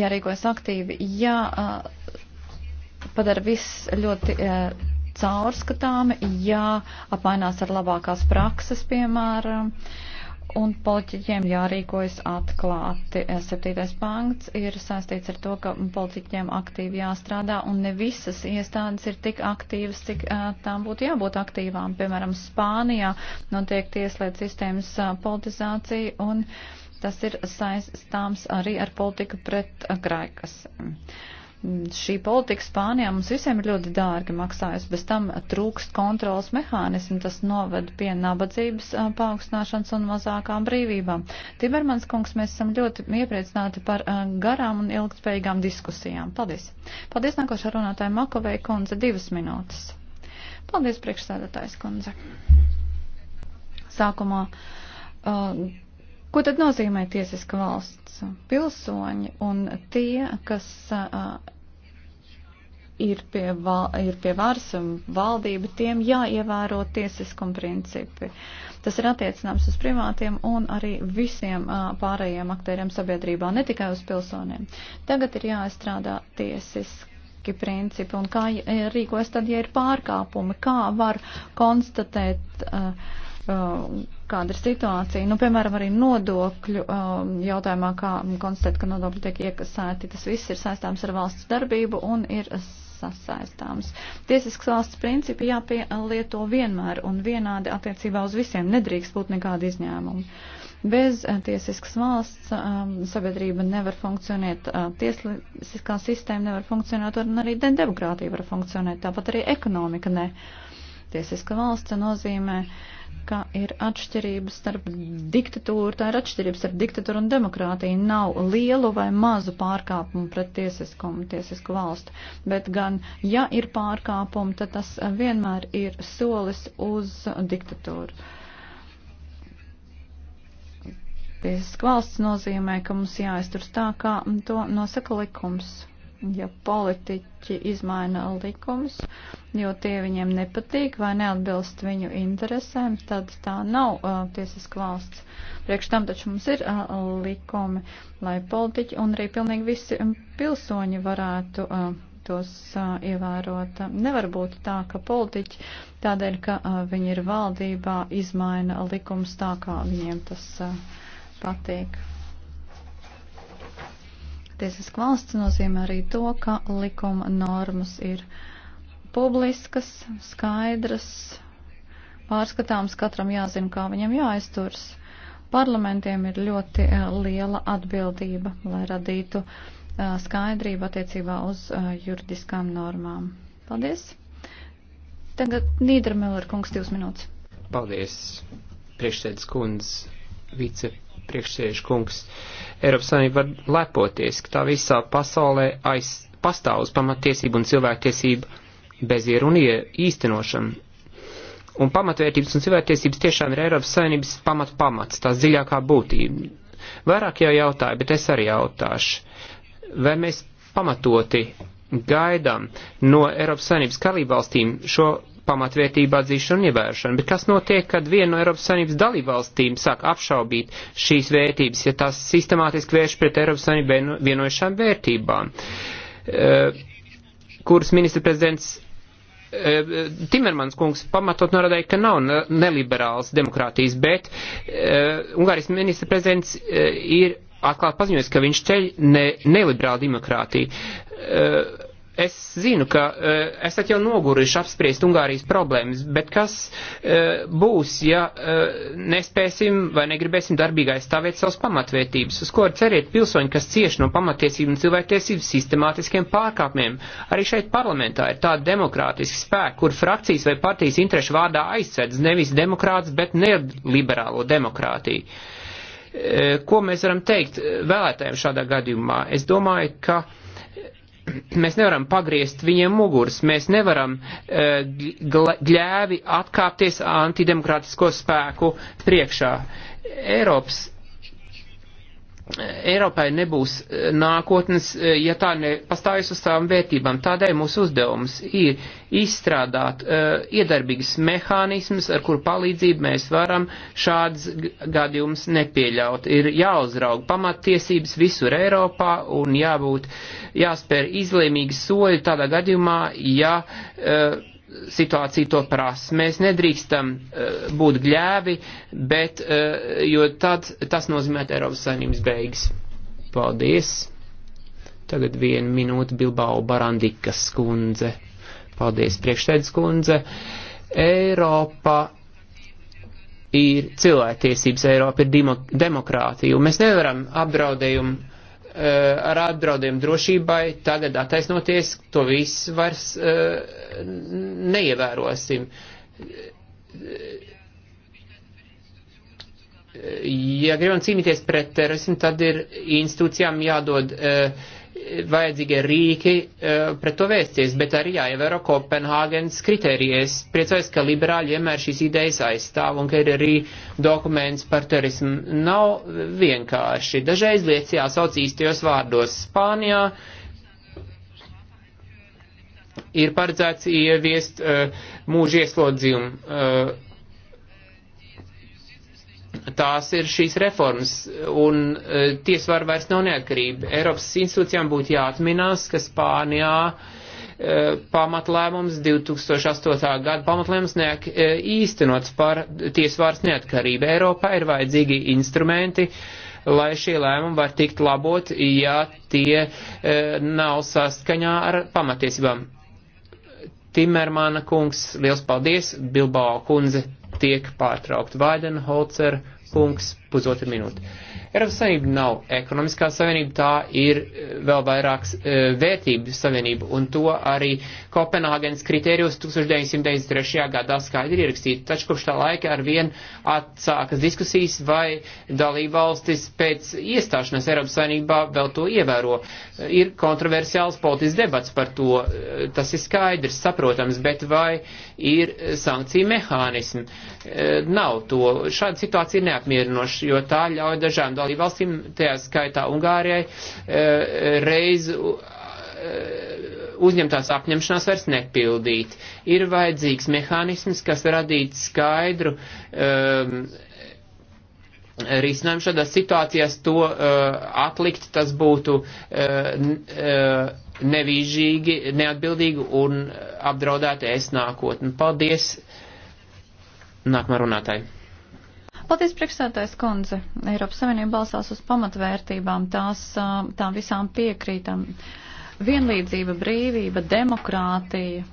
jārīkojas aktīvi, jā, padara viss ļoti caurskatāmi, jā, apmainās ar labākās prakses, piemēram, uh, un politiķiem jārīkojas atklāti. Eh, Septītais pants ir saistīts ar to, ka politiķiem aktīvi jāstrādā, un ne visas iestādes ir tik aktīvas, cik uh, tām būtu jābūt aktīvām. Piemēram, Spānijā notiek tieslietu sistēmas uh, politizācija, un tas ir saistāms arī ar politiku pret uh, graikas. Uh, Šī politika Spānijā mums visiem ir ļoti dārgi maksājusi, bez tam trūkst kontrols mehānismu, tas noved pie nabadzības paaugstināšanas un mazākām brīvībām. Timermans kungs, mēs esam ļoti iepriecināti par garām un ilgspējīgām diskusijām. Paldies! Paldies nākošā runātāja Makovei kundze, divas minūtes. Paldies priekšsēdētājs kundze. Sākumā. Uh, Ko tad nozīmē tiesiska valsts? Pilsoņi un tie, kas uh, ir, pie val, ir pie varas un valdība, tiem jāievēro tiesiskuma principi. Tas ir attiecināms uz privātiem un arī visiem uh, pārējiem aktēriem sabiedrībā, ne tikai uz pilsoniem. Tagad ir jāizstrādā tiesiski principi un kā rīkojas tad, ja ir pārkāpumi, kā var konstatēt. Uh, uh, kāda ir situācija. Nu, piemēram, arī nodokļu um, jautājumā, kā konstatēt, ka nodokļi tiek iekasēti, tas viss ir saistāms ar valsts darbību un ir sasaistāms. Tiesisks valsts principi jāpielieto vienmēr un vienādi attiecībā uz visiem. Nedrīkst būt nekāda izņēmuma. Bez eh, tiesiskas valsts um, sabiedrība nevar funkcionēt, uh, tiesiskā sistēma nevar funkcionēt, un arī demokrātija var funkcionēt, tāpat arī ekonomika ne. Tiesiska valsts nozīmē uh, ka ir atšķirības starp diktatūru, tā ir atšķirības starp diktatūru un demokrātiju. Nav lielu vai mazu pārkāpumu pret tiesiskumu, tiesisku valstu, bet gan, ja ir pārkāpumi, tad tas vienmēr ir solis uz diktatūru. Tiesiskvalsts nozīmē, ka mums jāizturst tā, kā to nosaka likums ja politiķi izmaina likumus, jo tie viņiem nepatīk vai neatbilst viņu interesēm, tad tā nav uh, tiesiska valsts. Priekš tam taču mums ir uh, likumi, lai politiķi un arī pilnīgi visi pilsoņi varētu uh, tos uh, ievērot. Nevar būt tā, ka politiķi tādēļ, ka uh, viņi ir valdībā, izmaina likums tā, kā viņiem tas uh, patīk. Tiesiska valsts nozīmē arī to, ka likuma normas ir publiskas, skaidras, pārskatāmas, katram jāzina, kā viņam jāizturas. Parlamentiem ir ļoti eh, liela atbildība, lai radītu eh, skaidrību attiecībā uz eh, juridiskām normām. Paldies! Tagad Nīdermiller kungs divas minūtes. Paldies, priekšsēdus kundze vicepriekšsēžu kungs. Eiropas Savienība var lepoties, ka tā visā pasaulē aiz, pastāv uz pamatiesību un cilvēktiesību bezieru un īstenošanu. Un pamatvērtības un cilvēktiesības tiešām ir Eiropas Savienības pamat pamats, tās dziļākā būtība. Vairāk jau jautāja, bet es arī jautāšu, vai mēs pamatoti gaidām no Eiropas Savienības kalībvalstīm šo pamatvērtība atzīšana un ievēršana. Bet kas notiek, kad viena no Eiropas Savienības dalībvalstīm sāk apšaubīt šīs vērtības, ja tās sistemātiski vērš pret Eiropas Savienību vienojušām vērtībām, eh, kuras ministra prezidents eh, Timermans kungs pamatot norādīja, ka nav neliberāls demokrātijas, bet uh, eh, Ungārijas ministra prezidents uh, ir atklāti paziņojis, ka viņš ceļ ne, neliberālu demokrātiju. Uh, Es zinu, ka uh, esat jau noguruši apspriest Ungārijas problēmas, bet kas uh, būs, ja uh, nespēsim vai negribēsim darbīgā aizstāvēt savas pamatvērtības? Uz ko ceriet pilsoņi, kas cieš no pamatiesību un cilvēktiesību sistemātiskiem pārkāpumiem? Arī šeit parlamentā ir tāda demokrātiska spēka, kur frakcijas vai partijas interešu vārdā aizsēdz nevis demokrāts, bet neliberālo demokrātiju. Uh, ko mēs varam teikt vēlētājiem šādā gadījumā? Es domāju, ka. Uh, Mēs nevaram pagriezt viņiem muguras, mēs nevaram eh, gļēvi atkāpties antidemokrātisko spēku priekšā. Eiropas Eiropai nebūs eh, nākotnes, eh, ja tā nepastājas uz savām vērtībām. Tādēļ mūsu uzdevums ir izstrādāt uh, iedarbīgas mehānismus, ar kuru palīdzību mēs varam šādas gadījumus nepieļaut. Ir jāuzrauga pamattiesības visur Eiropā un jābūt, jāspēr izlēmīgi soļi tādā gadījumā, ja uh, situācija to prasa. Mēs nedrīkstam uh, būt gļēvi, bet, uh, jo tad tas nozīmē Eiropas saimnības beigas. Paldies. Tagad viena minūte Bilbao Barandikas kundze. Paldies, priekšsēdus kundze. Eiropa ir cilvēktiesības, Eiropa ir demokrātija, un mēs nevaram apdraudējumu Eh, ar apdraudiem drošībai tagad attaisnoties, to viss vairs eh, neievērosim. Ja gribam cīnīties pret terorismu, tad ir institūcijām jādod uh, vajadzīgie rīki eh, pret to vēsties, bet arī jāievēro Kopenhāgenes kritērija. Es priecājos, ka liberāļi vienmēr šīs idejas aizstāv un ka ir arī dokuments par terorismu. Nav vienkārši. Dažreiz lietas jāsauc īstajos vārdos. Spānijā ir paredzēts ieviest uh, mūža ieslodzījumu. Uh, tās ir šīs reformas, un e, tiesvara vairs nav neatkarība. Eiropas institūcijām būtu jāatminās, ka Spānijā e, pamatlēmums 2008. gada pamatlēmums neak, e, īstenots par tiesvaras neatkarību. Eiropā ir vajadzīgi instrumenti, lai šie lēmumi var tikt labot, ja tie e, nav saskaņā ar pamatiesībām. Timermāna kungs, liels paldies, Bilbao kundze tiek pārtraukt Vaidenholzer kungs pusotru minūti. Eiropas Savienība nav ekonomiskā savienība, tā ir eh, vēl vairāks e, eh, vērtību savienība, un to arī Kopenhāgenes kriterijos 1993. gadā skaidri ierakstīt. Taču kopš tā laika ar vien atsākas diskusijas, vai dalībvalstis pēc iestāšanās Eiropas Savienībā vēl to ievēro. Eh, ir kontroversiāls politisks debats par to, tas ir skaidrs, saprotams, bet vai ir sankcija mehānismi? E, nav to. Šāda situācija ir neapmierinoša īpaši, jo tā ļauj dažām dalībvalstīm, tajā skaitā Ungārijai, e, reiz e, uzņemtās apņemšanās vairs nepildīt. Ir vajadzīgs mehānisms, kas radītu skaidru um, risinājumu šādās situācijās. To uh, atlikt tas būtu uh, uh, nevīžīgi, neatbildīgi un apdraudētu es nākotni. Paldies! Nākamā runātāja. Paldies, priekšsētājs kundze. Eiropas Savienība balsās uz pamatvērtībām, tās, tām visām piekrītam. Vienlīdzība, brīvība, demokrātija,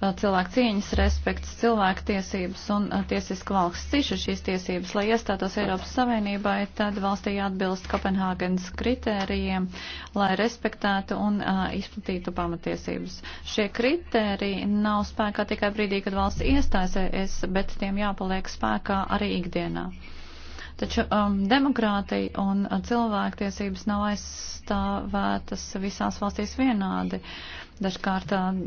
cilvēku cieņas respekts, cilvēku tiesības un tiesiska valsts ciša šīs tiesības. Lai iestātos Eiropas Savienībai, tad valstī jāatbilst Kopenhāgenes kritērijiem, lai respektētu un izplatītu pamatiesības. Šie kritēriji nav spēkā tikai brīdī, kad valsts iestāsies, bet tiem jāpaliek spēkā arī ikdienā. Taču um, demokrātija un cilvēktiesības nav aizstāvētas visās valstīs vienādi. Dažkārt um,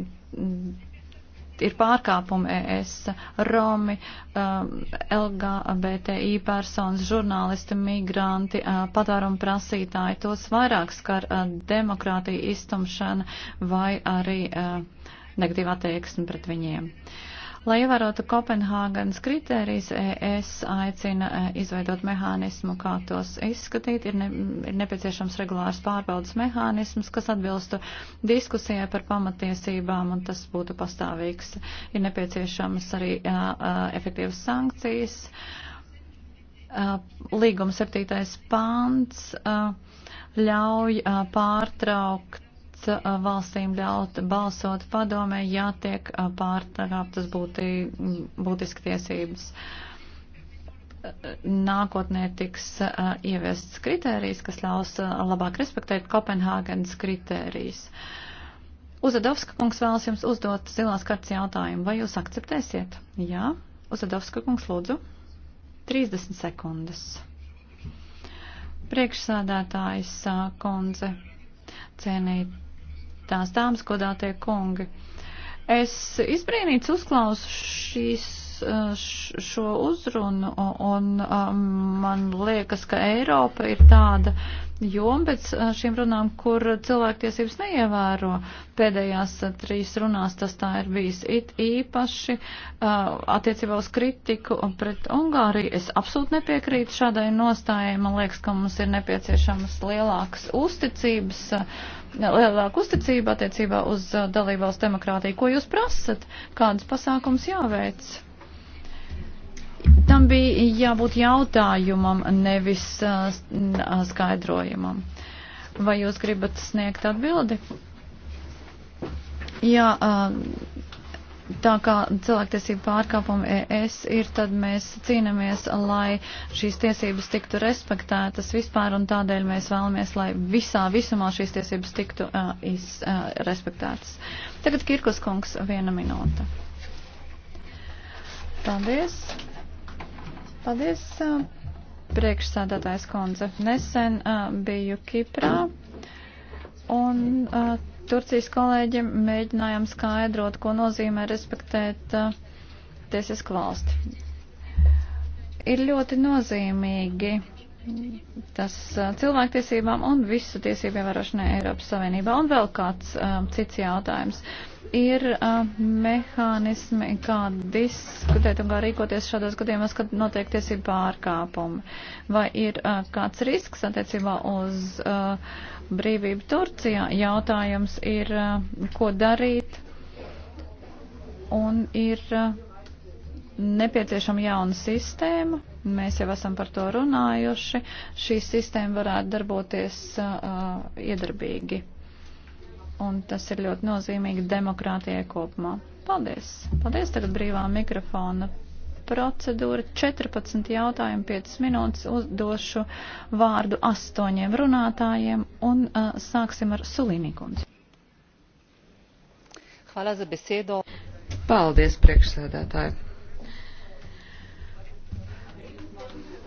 ir pārkāpumi ES, Romi, um, LGBTI personas, žurnālisti, migranti, uh, patāruma prasītāji, tos vairāk skar uh, demokrātija iztumšana vai arī uh, negatīva attieksme pret viņiem. Uh, Lai ievērotu Kopenhāganas kritērijas, ES aicina e, izveidot mehānismu, kā tos izskatīt. Ir, ne, ir nepieciešams regulārs pārbaudas mehānisms, kas atbilstu diskusijai par pamatiesībām, un tas būtu pastāvīgs. Ir nepieciešams arī uh, uh, efektīvas sankcijas. Uh, līguma septītais pāns. Uh, ļauj pārtraukt Uh, valstīm ļaut balsot padomē, ja tiek uh, pārkāptas būtiski tiesības. Uh, nākotnē tiks ieviests kritērijs, kas ļaus labāk respektēt Kopenhāgenes kritērijas. Uzadovska kungs vēlas jums uzdot zilās kartas jautājumu. Vai jūs akceptēsiet? Jā. Uzadovska kungs, lūdzu. 30 sekundes. Priekšsādātājs kundze cienīt godātās dāmas, godātie kungi. Es izbrīnīts uzklausu šīs šo uzrunu, un man liekas, ka Eiropa ir tāda joma pēc šīm runām, kur cilvēktiesības neievēro. Pēdējās trīs runās tas tā ir bijis it īpaši attiecībā uz kritiku pret Ungāriju. Es absolūti nepiekrītu šādai nostājai. Man liekas, ka mums ir nepieciešamas lielākas uzticības lielāku uzticību attiecībā uz dalībvalsts demokrātiju. Ko jūs prasat? Kādas pasākums jāveic? Tam bija jābūt jautājumam, nevis uh, skaidrojumam. Vai jūs gribat sniegt atbildi? Jā, uh, tā kā cilvēktiesība pārkāpuma ES ir, tad mēs cīnamies, lai šīs tiesības tiktu respektētas vispār, un tādēļ mēs vēlamies, lai visā visumā šīs tiesības tiktu uh, iz, uh, respektētas. Tagad Kirkus kungs, viena minūte. Paldies. Paldies, priekšsādātājs kundze. Nesen biju Kiprā un Turcijas kolēģiem mēģinājām skaidrot, ko nozīmē respektēt tiesisku valsti. Ir ļoti nozīmīgi tas cilvēktiesībām un visu tiesību ievērošanai Eiropas Savienībā. Un vēl kāds um, cits jautājums. Ir uh, mehānismi, kā diskutēt un kā rīkoties šādos gadījumos, kad notiek tiesību pārkāpumi? Vai ir uh, kāds risks attiecībā uz uh, brīvību Turcijā? Jautājums ir, uh, ko darīt? Un ir uh, nepieciešama jauna sistēma Mēs jau esam par to runājuši. Šī sistēma varētu darboties uh, iedarbīgi. Un tas ir ļoti nozīmīgi demokrātijai kopumā. Paldies! Paldies tagad brīvā mikrofona procedūra. 14 jautājumi, 5 minūtes uzdošu vārdu astoņiem runātājiem un uh, sāksim ar Sulinikumu. Hvala za besedo. Paldies, priekšsēdētāji.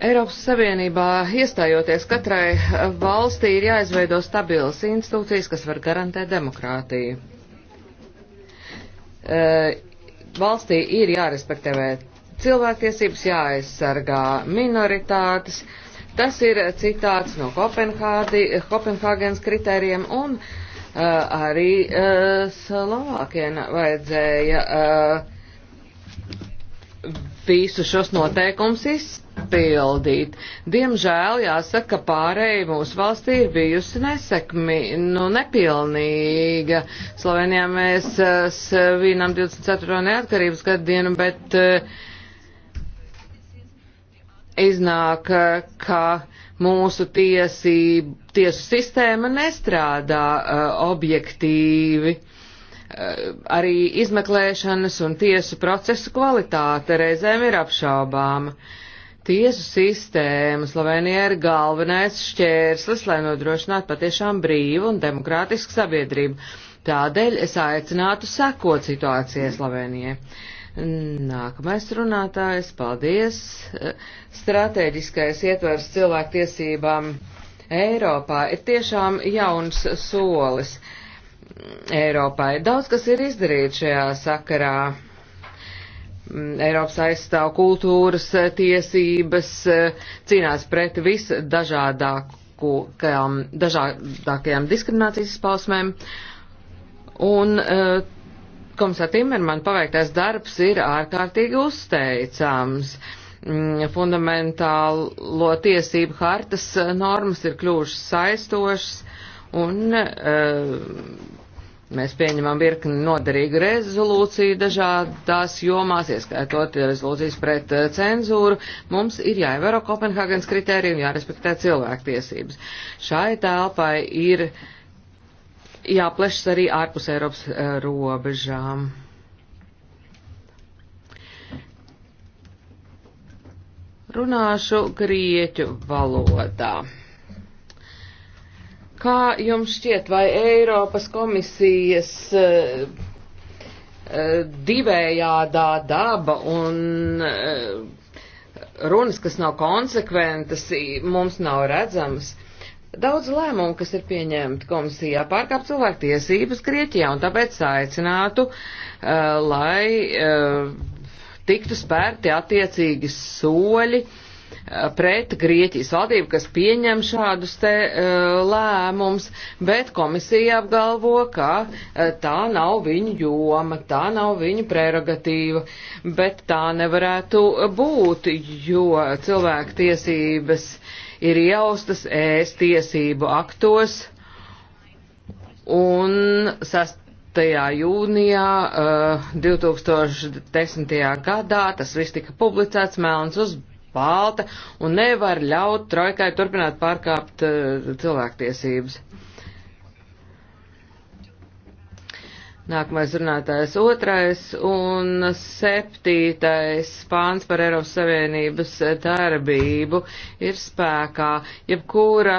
Eiropas Savienībā iestājoties katrai valstī ir jāizveido stabilas institūcijas, kas var garantēt demokrātiju. E, valstī ir jārespektē cilvēktiesības, jāaizsargā minoritātes. Tas ir citāts no Kopenhāgenes kritērijiem un e, arī e, Slovākiem vajadzēja e, visus šos noteikumus izsākt izpildīt. Diemžēl jāsaka, ka pārēja mūsu valstī ir bijusi nesekmi, nu nepilnīga. Slovenijā mēs eh, svinam 24. neatkarības gadienu, bet eh, iznāk, eh, ka mūsu tiesību, tiesu sistēma nestrādā objektīvi arī izmeklēšanas un tiesu procesu kvalitāte reizēm ir apšaubāma. Tiesu sistēma Slovenijā ir galvenais šķērslis, lai nodrošinātu patiešām brīvu un demokrātisku sabiedrību. Tādēļ es aicinātu sekot situācijai Slovenijai. Nākamais runātājs, paldies. Stratēģiskais ietvers cilvēktiesībām Eiropā ir tiešām jauns solis. Eiropai daudz kas ir izdarīts šajā sakarā Eiropas aizstāv kultūras eh, tiesības, eh, cīnās pret visdažādākajām dažādākajām diskriminācijas pausmēm. Un eh, komisāra Timerman paveiktais darbs ir ārkārtīgi uzteicams. Mm, fundamentālo tiesību hartas normas ir kļuvušas saistošas un Mēs pieņemam virkni noderīgu rezolūciju dažādās jomās, ieskaitot rezolūcijas pret eh, cenzūru. Mums ir jāievēro Kopenhāgenes kritēriju un jārespektē cilvēktiesības. Šai telpai ir jāplešas arī ārpus Eiropas eh, robežām. Runāšu grieķu valodā. Kā jums šķiet, vai Eiropas komisijas uh, divējādā daba un uh, runas, kas nav konsekventas, mums nav redzamas? Daudz lēmumu, kas ir pieņemti komisijā, pārkāp cilvēku tiesības Grieķijā, un tāpēc aicinātu, uh, lai tiktu spērti attiecīgi soļi, pret Grieķijas valdību, kas pieņem šādus te uh, lēmums, bet komisija apgalvo, ka uh, tā nav viņu joma, tā nav viņu prerogatīva, bet tā nevarētu būt, jo cilvēku tiesības ir jaustas ēst tiesību aktos un sast tajā jūnijā uh, e, 2010. gadā tas viss tika publicēts melns uz balta un nevar ļaut trojkai turpināt pārkāpt uh, cilvēktiesības. Nākamais runātājs otrais un septītais pāns par Eiropas Savienības darbību ir spēkā. Jebkura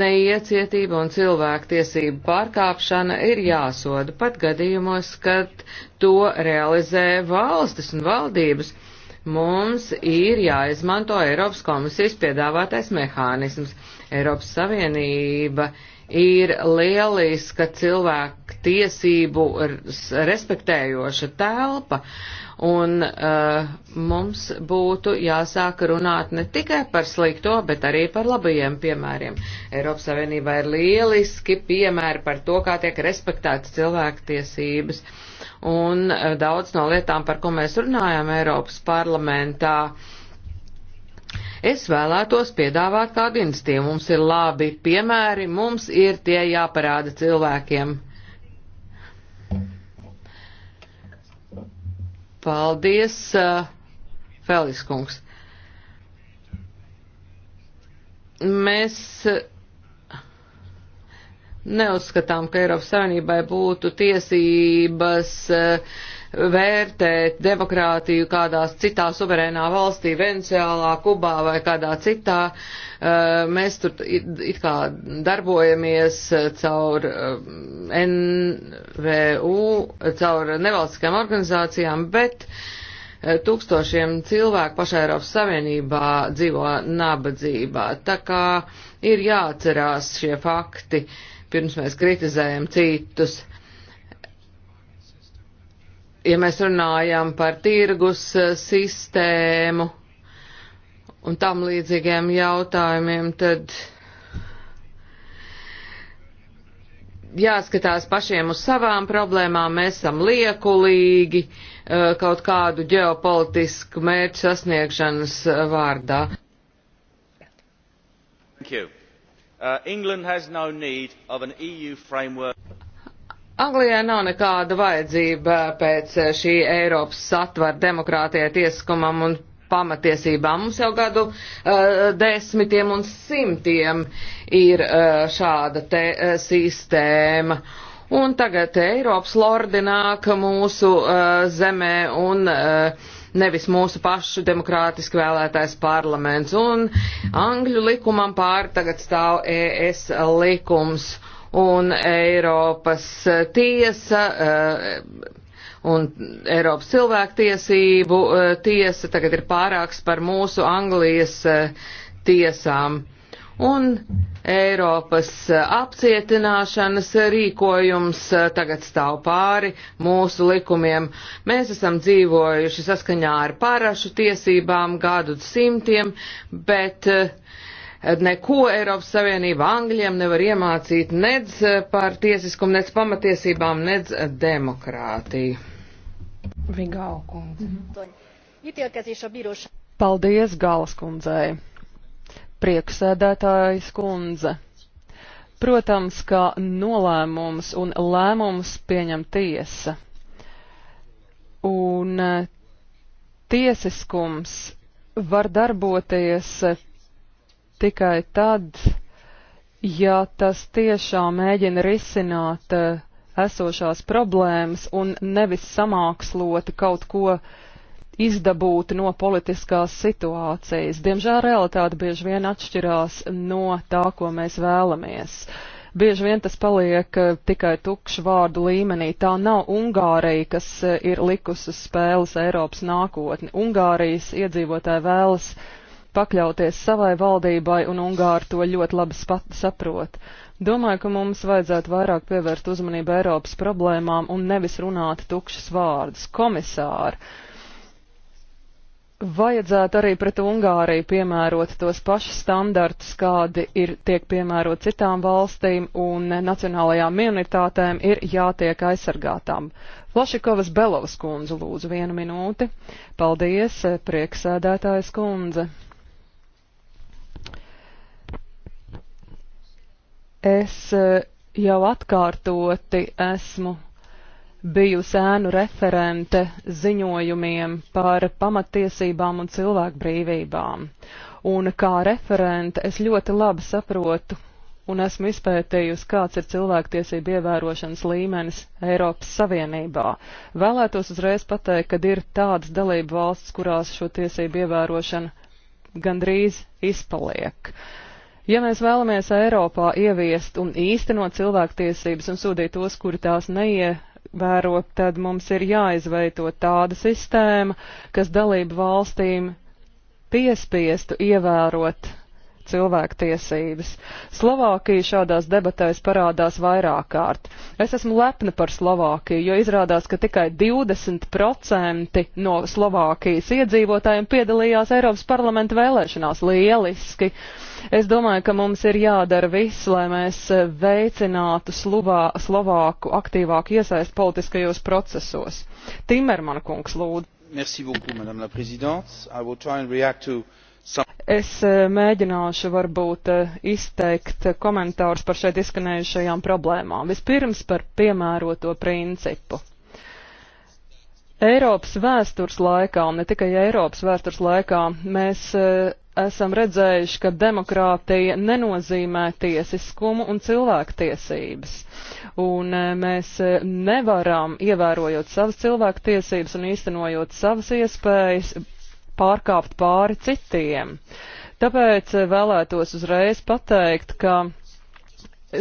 neiecietība un cilvēktiesība pārkāpšana ir jāsoda pat gadījumos, kad to realizē valstis un valdības Mums ir jāizmanto Eiropas komisijas piedāvātais mehānisms. Eiropas Savienība ir lieliska cilvēku tiesību respektējoša telpa, un uh, mums būtu jāsāk runāt ne tikai par slikto, bet arī par labajiem piemēriem. Eiropas Savienībā ir lieliski piemēri par to, kā tiek respektētas cilvēku tiesības. Uh, un eh, daudz no lietām, par ko mēs runājam Eiropas parlamentā. Es vēlētos piedāvāt kādu institīvu. Mums ir labi piemēri, mums ir tie jāparāda cilvēkiem. Paldies, eh, Feliskungs. Mēs neuzskatām, ka Eiropas Savienībai būtu tiesības eh, vērtēt demokrātiju kādās citā suverēnā valstī, Venecijālā, Kubā vai kādā citā. Eh, mēs tur it kā darbojamies eh, caur NVU, caur nevalstiskajām organizācijām, bet tūkstošiem cilvēku pašā Eiropas Savienībā dzīvo nabadzībā. Tā kā ir jāatcerās šie fakti. Uh, pirms mēs kritizējam citus. Ja mēs runājam par tirgus eh, sistēmu un tam līdzīgiem jautājumiem, tad jāskatās pašiem uz savām problēmām, mēs esam liekulīgi eh, kaut kādu ģeopolitisku mērķu sasniegšanas eh, vārdā. Thank you. Uh, England has no need of an EU framework. Anglijai nav nekāda vajadzība pēc šī Eiropas satvara demokrātijai, tiesiskumam un pamatiesībām. Mums jau gadu uh, desmitiem un simtiem ir uh, šāda te uh, sistēma. Un tagad Eiropas lordi nāk mūsu uh, zemē un uh, nevis mūsu pašu demokrātiski vēlētais parlaments. Un Angļu likumam pāri tagad stāv ES likums un Eiropas tiesa. Uh, un Eiropas cilvēktiesību eh, tiesa tagad ir pārāks par mūsu Anglijas eh, tiesām un Eiropas apcietināšanas rīkojums eh, tagad stāv pāri mūsu likumiem. Mēs esam dzīvojuši saskaņā ar parašu tiesībām gadu simtiem, bet eh, neko Eiropas Savienība Angļiem nevar iemācīt nedz eh, par tiesiskumu, nedz pamatiesībām, nedz demokrātiju. Vigau kundze. Mm-hmm. Paldies, Galas kundzei. Prieksēdētājas kundze. Protams, ka nolēmums un lēmums pieņem tiesa. Un eh, tiesiskums var darboties eh, tikai tad, ja tas tiešām mēģina risināt eh, esošās problēmas un nevis samāksloti kaut ko uh, izdabūti no politiskās situācijas. Diemžēl realitāte bieži vien atšķirās no tā, ko mēs vēlamies. Bieži vien tas paliek eh, tikai tukšu vārdu līmenī. Tā nav Ungārija, kas eh, ir likusi spēles Eiropas nākotni. Ungārijas iedzīvotāji vēlas pakļauties savai valdībai, un Ungāri to ļoti labi saprot. Domāju, ka mums vajadzētu vairāk pievērst uzmanību Eiropas problēmām un nevis runāt tukšas vārdas. Komisāri! Vajadzētu arī pret Ungāriju piemērot tos pašus standartus, kādi ir tiek piemērot citām valstīm, un nacionālajām minoritātēm ir jātiek aizsargātām. Flašikovas Belovas kundze, lūdzu, vienu minūti. Paldies, prieksēdētājs kundze. Es eh, jau atkārtoti esmu biju sēnu referente ziņojumiem par pamatiesībām un cilvēkbrīvībām. Un kā referente es ļoti labi saprotu un esmu izpētījusi, kāds ir cilvēktiesību ievērošanas līmenis Eiropas Savienībā. Vēlētos uzreiz pateikt, ka ir tādas dalību valsts, kurās šo tiesību ievērošana gandrīz izpaliek. Ja mēs vēlamies Eiropā ieviest un īstenot cilvēktiesības un sūdīt tos, kuri tās neie, jāievērot, tad mums ir jāizveido tāda sistēma, kas dalību valstīm piespiestu ievērot cilvēktiesības. Slovākija šādās debatēs parādās vairāk kārt. Es esmu lepna par Slovākiju, jo izrādās, ka tikai 20% no Slovākijas iedzīvotājiem piedalījās Eiropas parlamenta vēlēšanās. Lieliski! Es domāju, ka mums ir jādara viss, lai mēs veicinātu Slovā, Slovāku aktīvāku iesaist politiskajos procesos. Timerman kungs lūdzu. Merci beaucoup, Madame la Présidente. I will try and react to Es eh, mēģināšu varbūt eh, izteikt komentārus par šeit izskanējušajām problēmām. Vispirms par piemēroto principu. Eiropas vēstures laikā, un ne tikai Eiropas vēstures laikā, mēs eh, esam redzējuši, ka demokrātija nenozīmē tiesiskumu un cilvēktiesības. Un mēs nevaram, ievērojot savas cilvēktiesības un īstenojot savas iespējas, pārkāpt pāri citiem. Tāpēc eh, vēlētos uzreiz pateikt, ka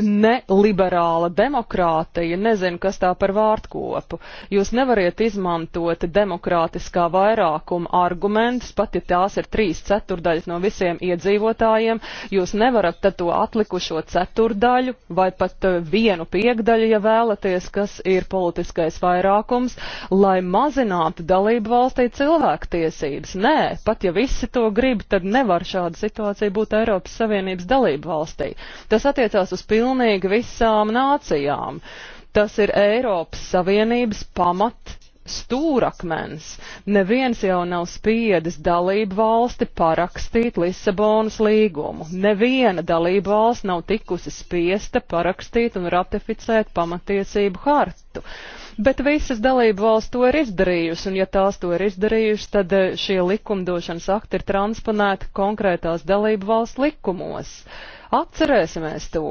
neliberāla demokrātija, nezinu, kas tā par vārtkopu. Jūs nevariet izmantot demokrātiskā vairākuma argumentus, pat ja tās ir trīs ceturdaļas no visiem iedzīvotājiem, jūs nevarat tad to atlikušo ceturdaļu vai pat eh, vienu piekdaļu, ja vēlaties, kas ir politiskais vairākums, lai mazinātu dalību valstī cilvēktiesības. Nē, pat ja visi to grib, tad nevar šāda situācija būt Eiropas Savienības dalību valstī. Tas attiecās uz pilnīgi pilnīgi visām nācijām. Tas ir Eiropas Savienības pamat stūrakmens. Neviens jau nav spiedis dalību valsti parakstīt Lisabonas līgumu. Neviena dalību valsts nav tikusi spiesta parakstīt un ratificēt pamatiesību hartu. Bet visas dalību valsts to ir izdarījusi, un ja tās to ir izdarījusi, tad eh, šie likumdošanas akti ir transponēti konkrētās dalību valsts likumos. Atcerēsimies to!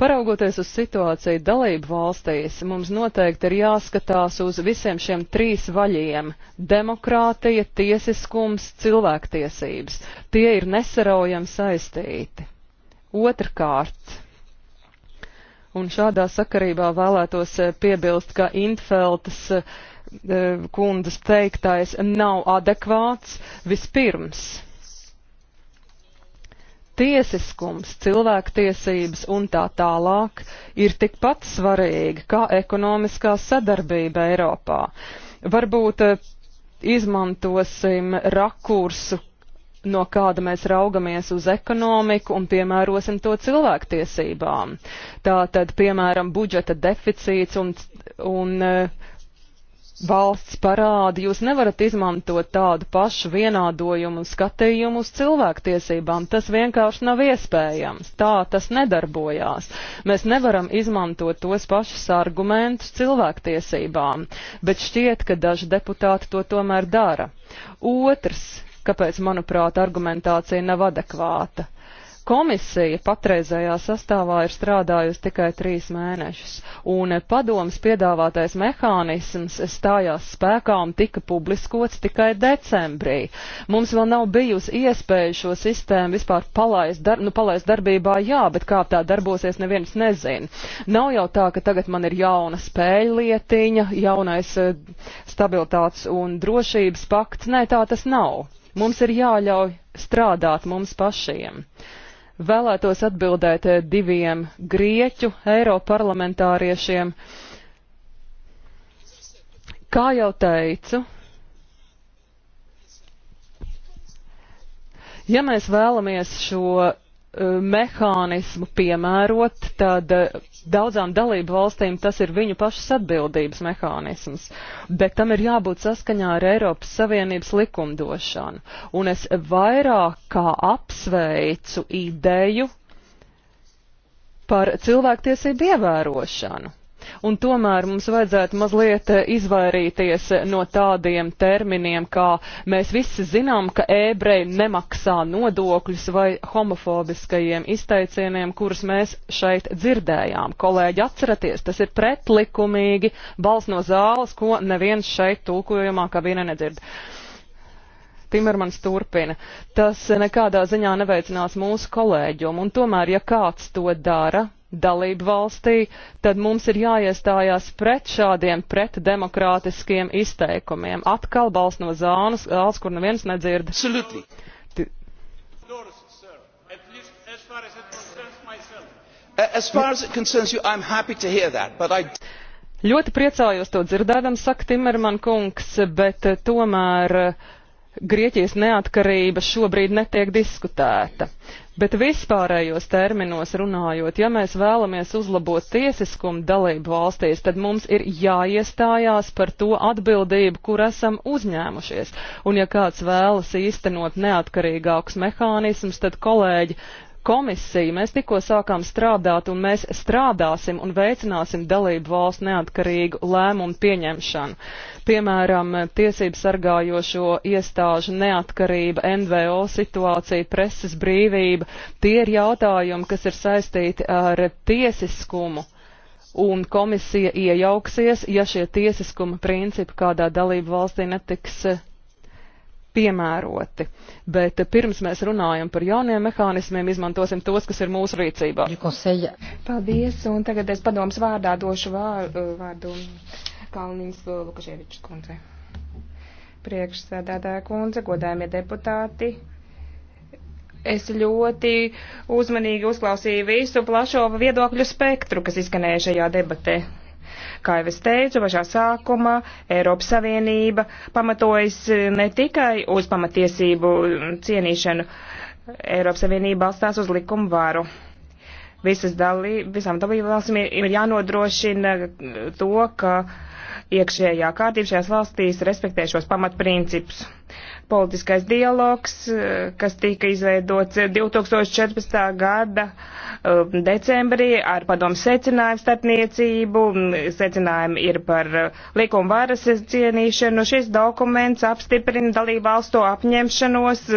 Paraugoties uz situāciju dalību valstīs, mums noteikti ir jāskatās uz visiem šiem trīs vaļiem - demokrātija, tiesiskums, cilvēktiesības. Tie ir nesaraujami saistīti. Otrkārt, un šādā sakarībā vēlētos eh, piebilst, ka Intfeltas eh, kundas teiktais nav adekvāts vispirms tiesiskums, cilvēktiesības un tā tālāk ir tikpat svarīgi kā ekonomiskā sadarbība Eiropā. Varbūt eh, izmantosim rakursu, no kāda mēs raugamies uz ekonomiku un piemērosim to cilvēktiesībām. Tātad, piemēram, budžeta deficīts un, un uh, valsts parādi, jūs nevarat izmantot tādu pašu vienādojumu un skatījumu uz cilvēktiesībām. Tas vienkārši nav iespējams. Tā tas nedarbojās. Mēs nevaram izmantot tos pašus argumentus cilvēktiesībām, bet šķiet, ka daži deputāti to tomēr dara. Otrs, kāpēc, manuprāt, argumentācija nav adekvāta. Komisija patreizējā sastāvā ir strādājusi tikai trīs mēnešus, un padomas piedāvātais mehānisms stājās spēkā un tika publiskots tikai decembrī. Mums vēl nav bijusi iespēja šo sistēmu vispār palaist, dar nu, palaist darbībā, jā, bet kā tā darbosies, neviens nezina. Nav jau tā, ka tagad man ir jauna spēļlietiņa, jaunais eh, stabilitātes un drošības pakts. Nē, tā tas nav. Mums ir jāļauj strādāt mums pašiem. Uh, Vēlētos atbildēt eh, diviem grieķu eiroparlamentāriešiem. Kā jau teicu, ja mēs vēlamies šo Eh, mehānismu piemērot, tad eh, daudzām dalību valstīm tas ir viņu pašas atbildības mehānisms, bet tam ir jābūt saskaņā ar Eiropas Savienības likumdošanu. Un es vairāk kā apsveicu ideju par cilvēktiesību ievērošanu. Un tomēr mums vajadzētu mazliet eh, izvairīties eh, no tādiem terminiem, kā mēs visi zinām, ka ebreji nemaksā nodokļus vai homofobiskajiem izteicieniem, kurus mēs šeit dzirdējām. Kolēģi, atceraties, tas ir pretlikumīgi balss no zāles, ko neviens šeit tulkojumā kabīne nedzird. Timermans turpina. Tas eh, nekādā ziņā neveicinās mūsu kolēģumu, un tomēr, ja kāds to dara, dalību valstī, tad mums ir jāiestājās pret šādiem pretdemokrātiskiem izteikumiem. Atkal balsts no zānas, zāles, kur neviens nedzird. Absolutely. As far as it concerns you, I'm happy to hear that, but I... Ļoti priecājos to dzirdēdam, saka Timerman kungs, bet eh, tomēr uh, Grieķijas neatkarība šobrīd netiek diskutēta. Bet vispārējos terminos runājot, ja mēs vēlamies uzlabot tiesiskumu dalību valstīs, tad mums ir jāiestājās par to atbildību, kur esam uzņēmušies. Un ja kāds vēlas īstenot neatkarīgākus mehānismus, tad kolēģi komisiju. Mēs tikko sākām strādāt un mēs strādāsim un veicināsim dalību valstu neatkarīgu lēmumu pieņemšanu. Piemēram, tiesību sargājošo iestāžu neatkarība, NVO situācija, preses brīvība. Tie ir jautājumi, kas ir saistīti ar tiesiskumu un komisija iejauksies, ja šie tiesiskuma principi kādā dalību valstī netiks piemēroti. Bet pirms mēs runājam par jauniem mehānismiem, izmantosim tos, kas ir mūsu rīcībā. Paldies, un tagad es padoms vārdā došu vārdu, uh, vārdu Kalniņas Lukaševičs kundzei. Priekšsēdētāja kundze, godājumie deputāti. Es ļoti uzmanīgi uzklausīju visu plašo viedokļu spektru, kas izskanēja šajā debatē. Kā jau es teicu, pašā sākumā Eiropas Savienība pamatojas e, ne tikai uz pamatiesību cienīšanu, Eiropas Savienība balstās uz likumu varu. Visas dalī, visām dalībvalstīm ir, ir jānodrošina to, ka uh, iekšējā kārtība šajās valstīs respektē šos pamatprincipus. Politiskais dialogs, eh, kas tika izveidots 2014. Eh, gada eh, decembrī ar padomu secinājumu starpniecību, secinājumi ir par likuma varas cienīšanu. Šis dokuments apstiprina dalību valstu apņemšanos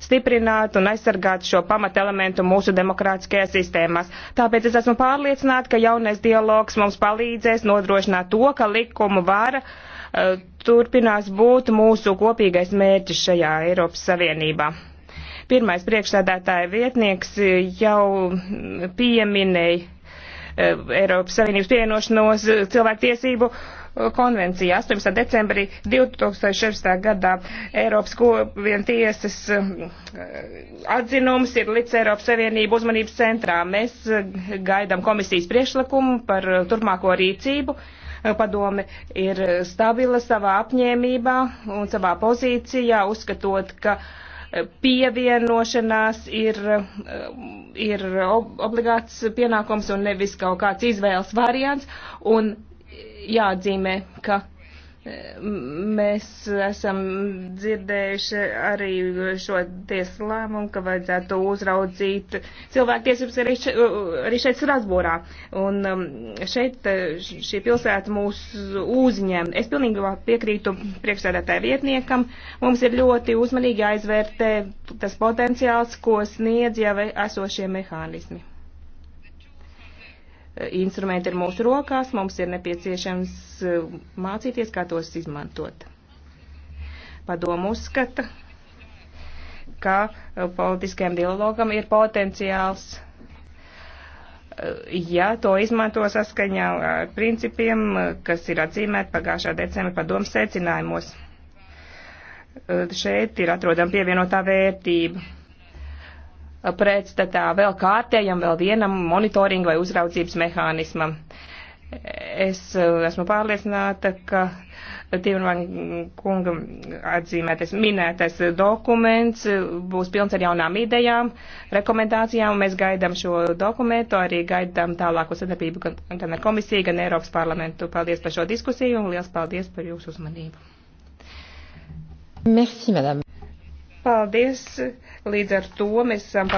stiprināt un aizsargāt šo pamatelementu mūsu demokrātiskajā sistēmās. Tāpēc es esmu pārliecināta, ka jaunais dialogs mums palīdzēs nodrošināt to, ka likumu vara uh, turpinās būt mūsu kopīgais mērķis šajā Eiropas Savienībā pirmais priekšsēdētāja vietnieks jau pieminēja eh, Eiropas Savienības pievienošanos cilvēktiesību konvenciju. 18. decembrī 2016. gadā Eiropas kopienu tiesas eh, atzinums ir līdz Eiropas Savienību uzmanības centrā. Mēs eh, gaidām komisijas priešlikumu par eh, turpmāko rīcību. Padome ir stabila savā apņēmībā un savā pozīcijā, uzskatot, ka pievienošanās ir, ir obligāts pienākums un nevis kaut kāds izvēles variants. Un jāatzīmē, ka e, mēs esam dzirdējuši arī šo tiesu lēmumu, ka vajadzētu uzraudzīt cilvēktiesības arī, še, arī šeit Strasbūrā. Un um, šeit e, šī pilsēta mūs uzņem. Es pilnībā piekrītu priekšsēdētāju vietniekam. Mums ir ļoti uzmanīgi jāizvērtē tas potenciāls, ko sniedz jau esošie mehānismi instrumenti ir mūsu rokās, mums ir nepieciešams eh, mācīties, kā tos izmantot. Padomu uzskata, ka eh, politiskajam dialogam ir potenciāls, eh, ja to izmanto saskaņā ar principiem, kas ir atzīmēti pagājušā decembra padomu secinājumos. Šeit ir atrodama pievienotā vērtība pretstatā vēl kārtējam, vēl vienam monitoringa vai uzraudzības mehānismam. Es esmu pārliecināta, ka Timermana kunga atzīmētais minētais dokuments būs pilns ar jaunām idejām, rekomendācijām. Mēs gaidām šo dokumentu, arī gaidām tālāku sadarbību gan ar komisiju, gan Eiropas parlamentu. Paldies par šo diskusiju un liels paldies par jūsu uzmanību. Merci, madame. Paldies! Līdz ar to mēs esam.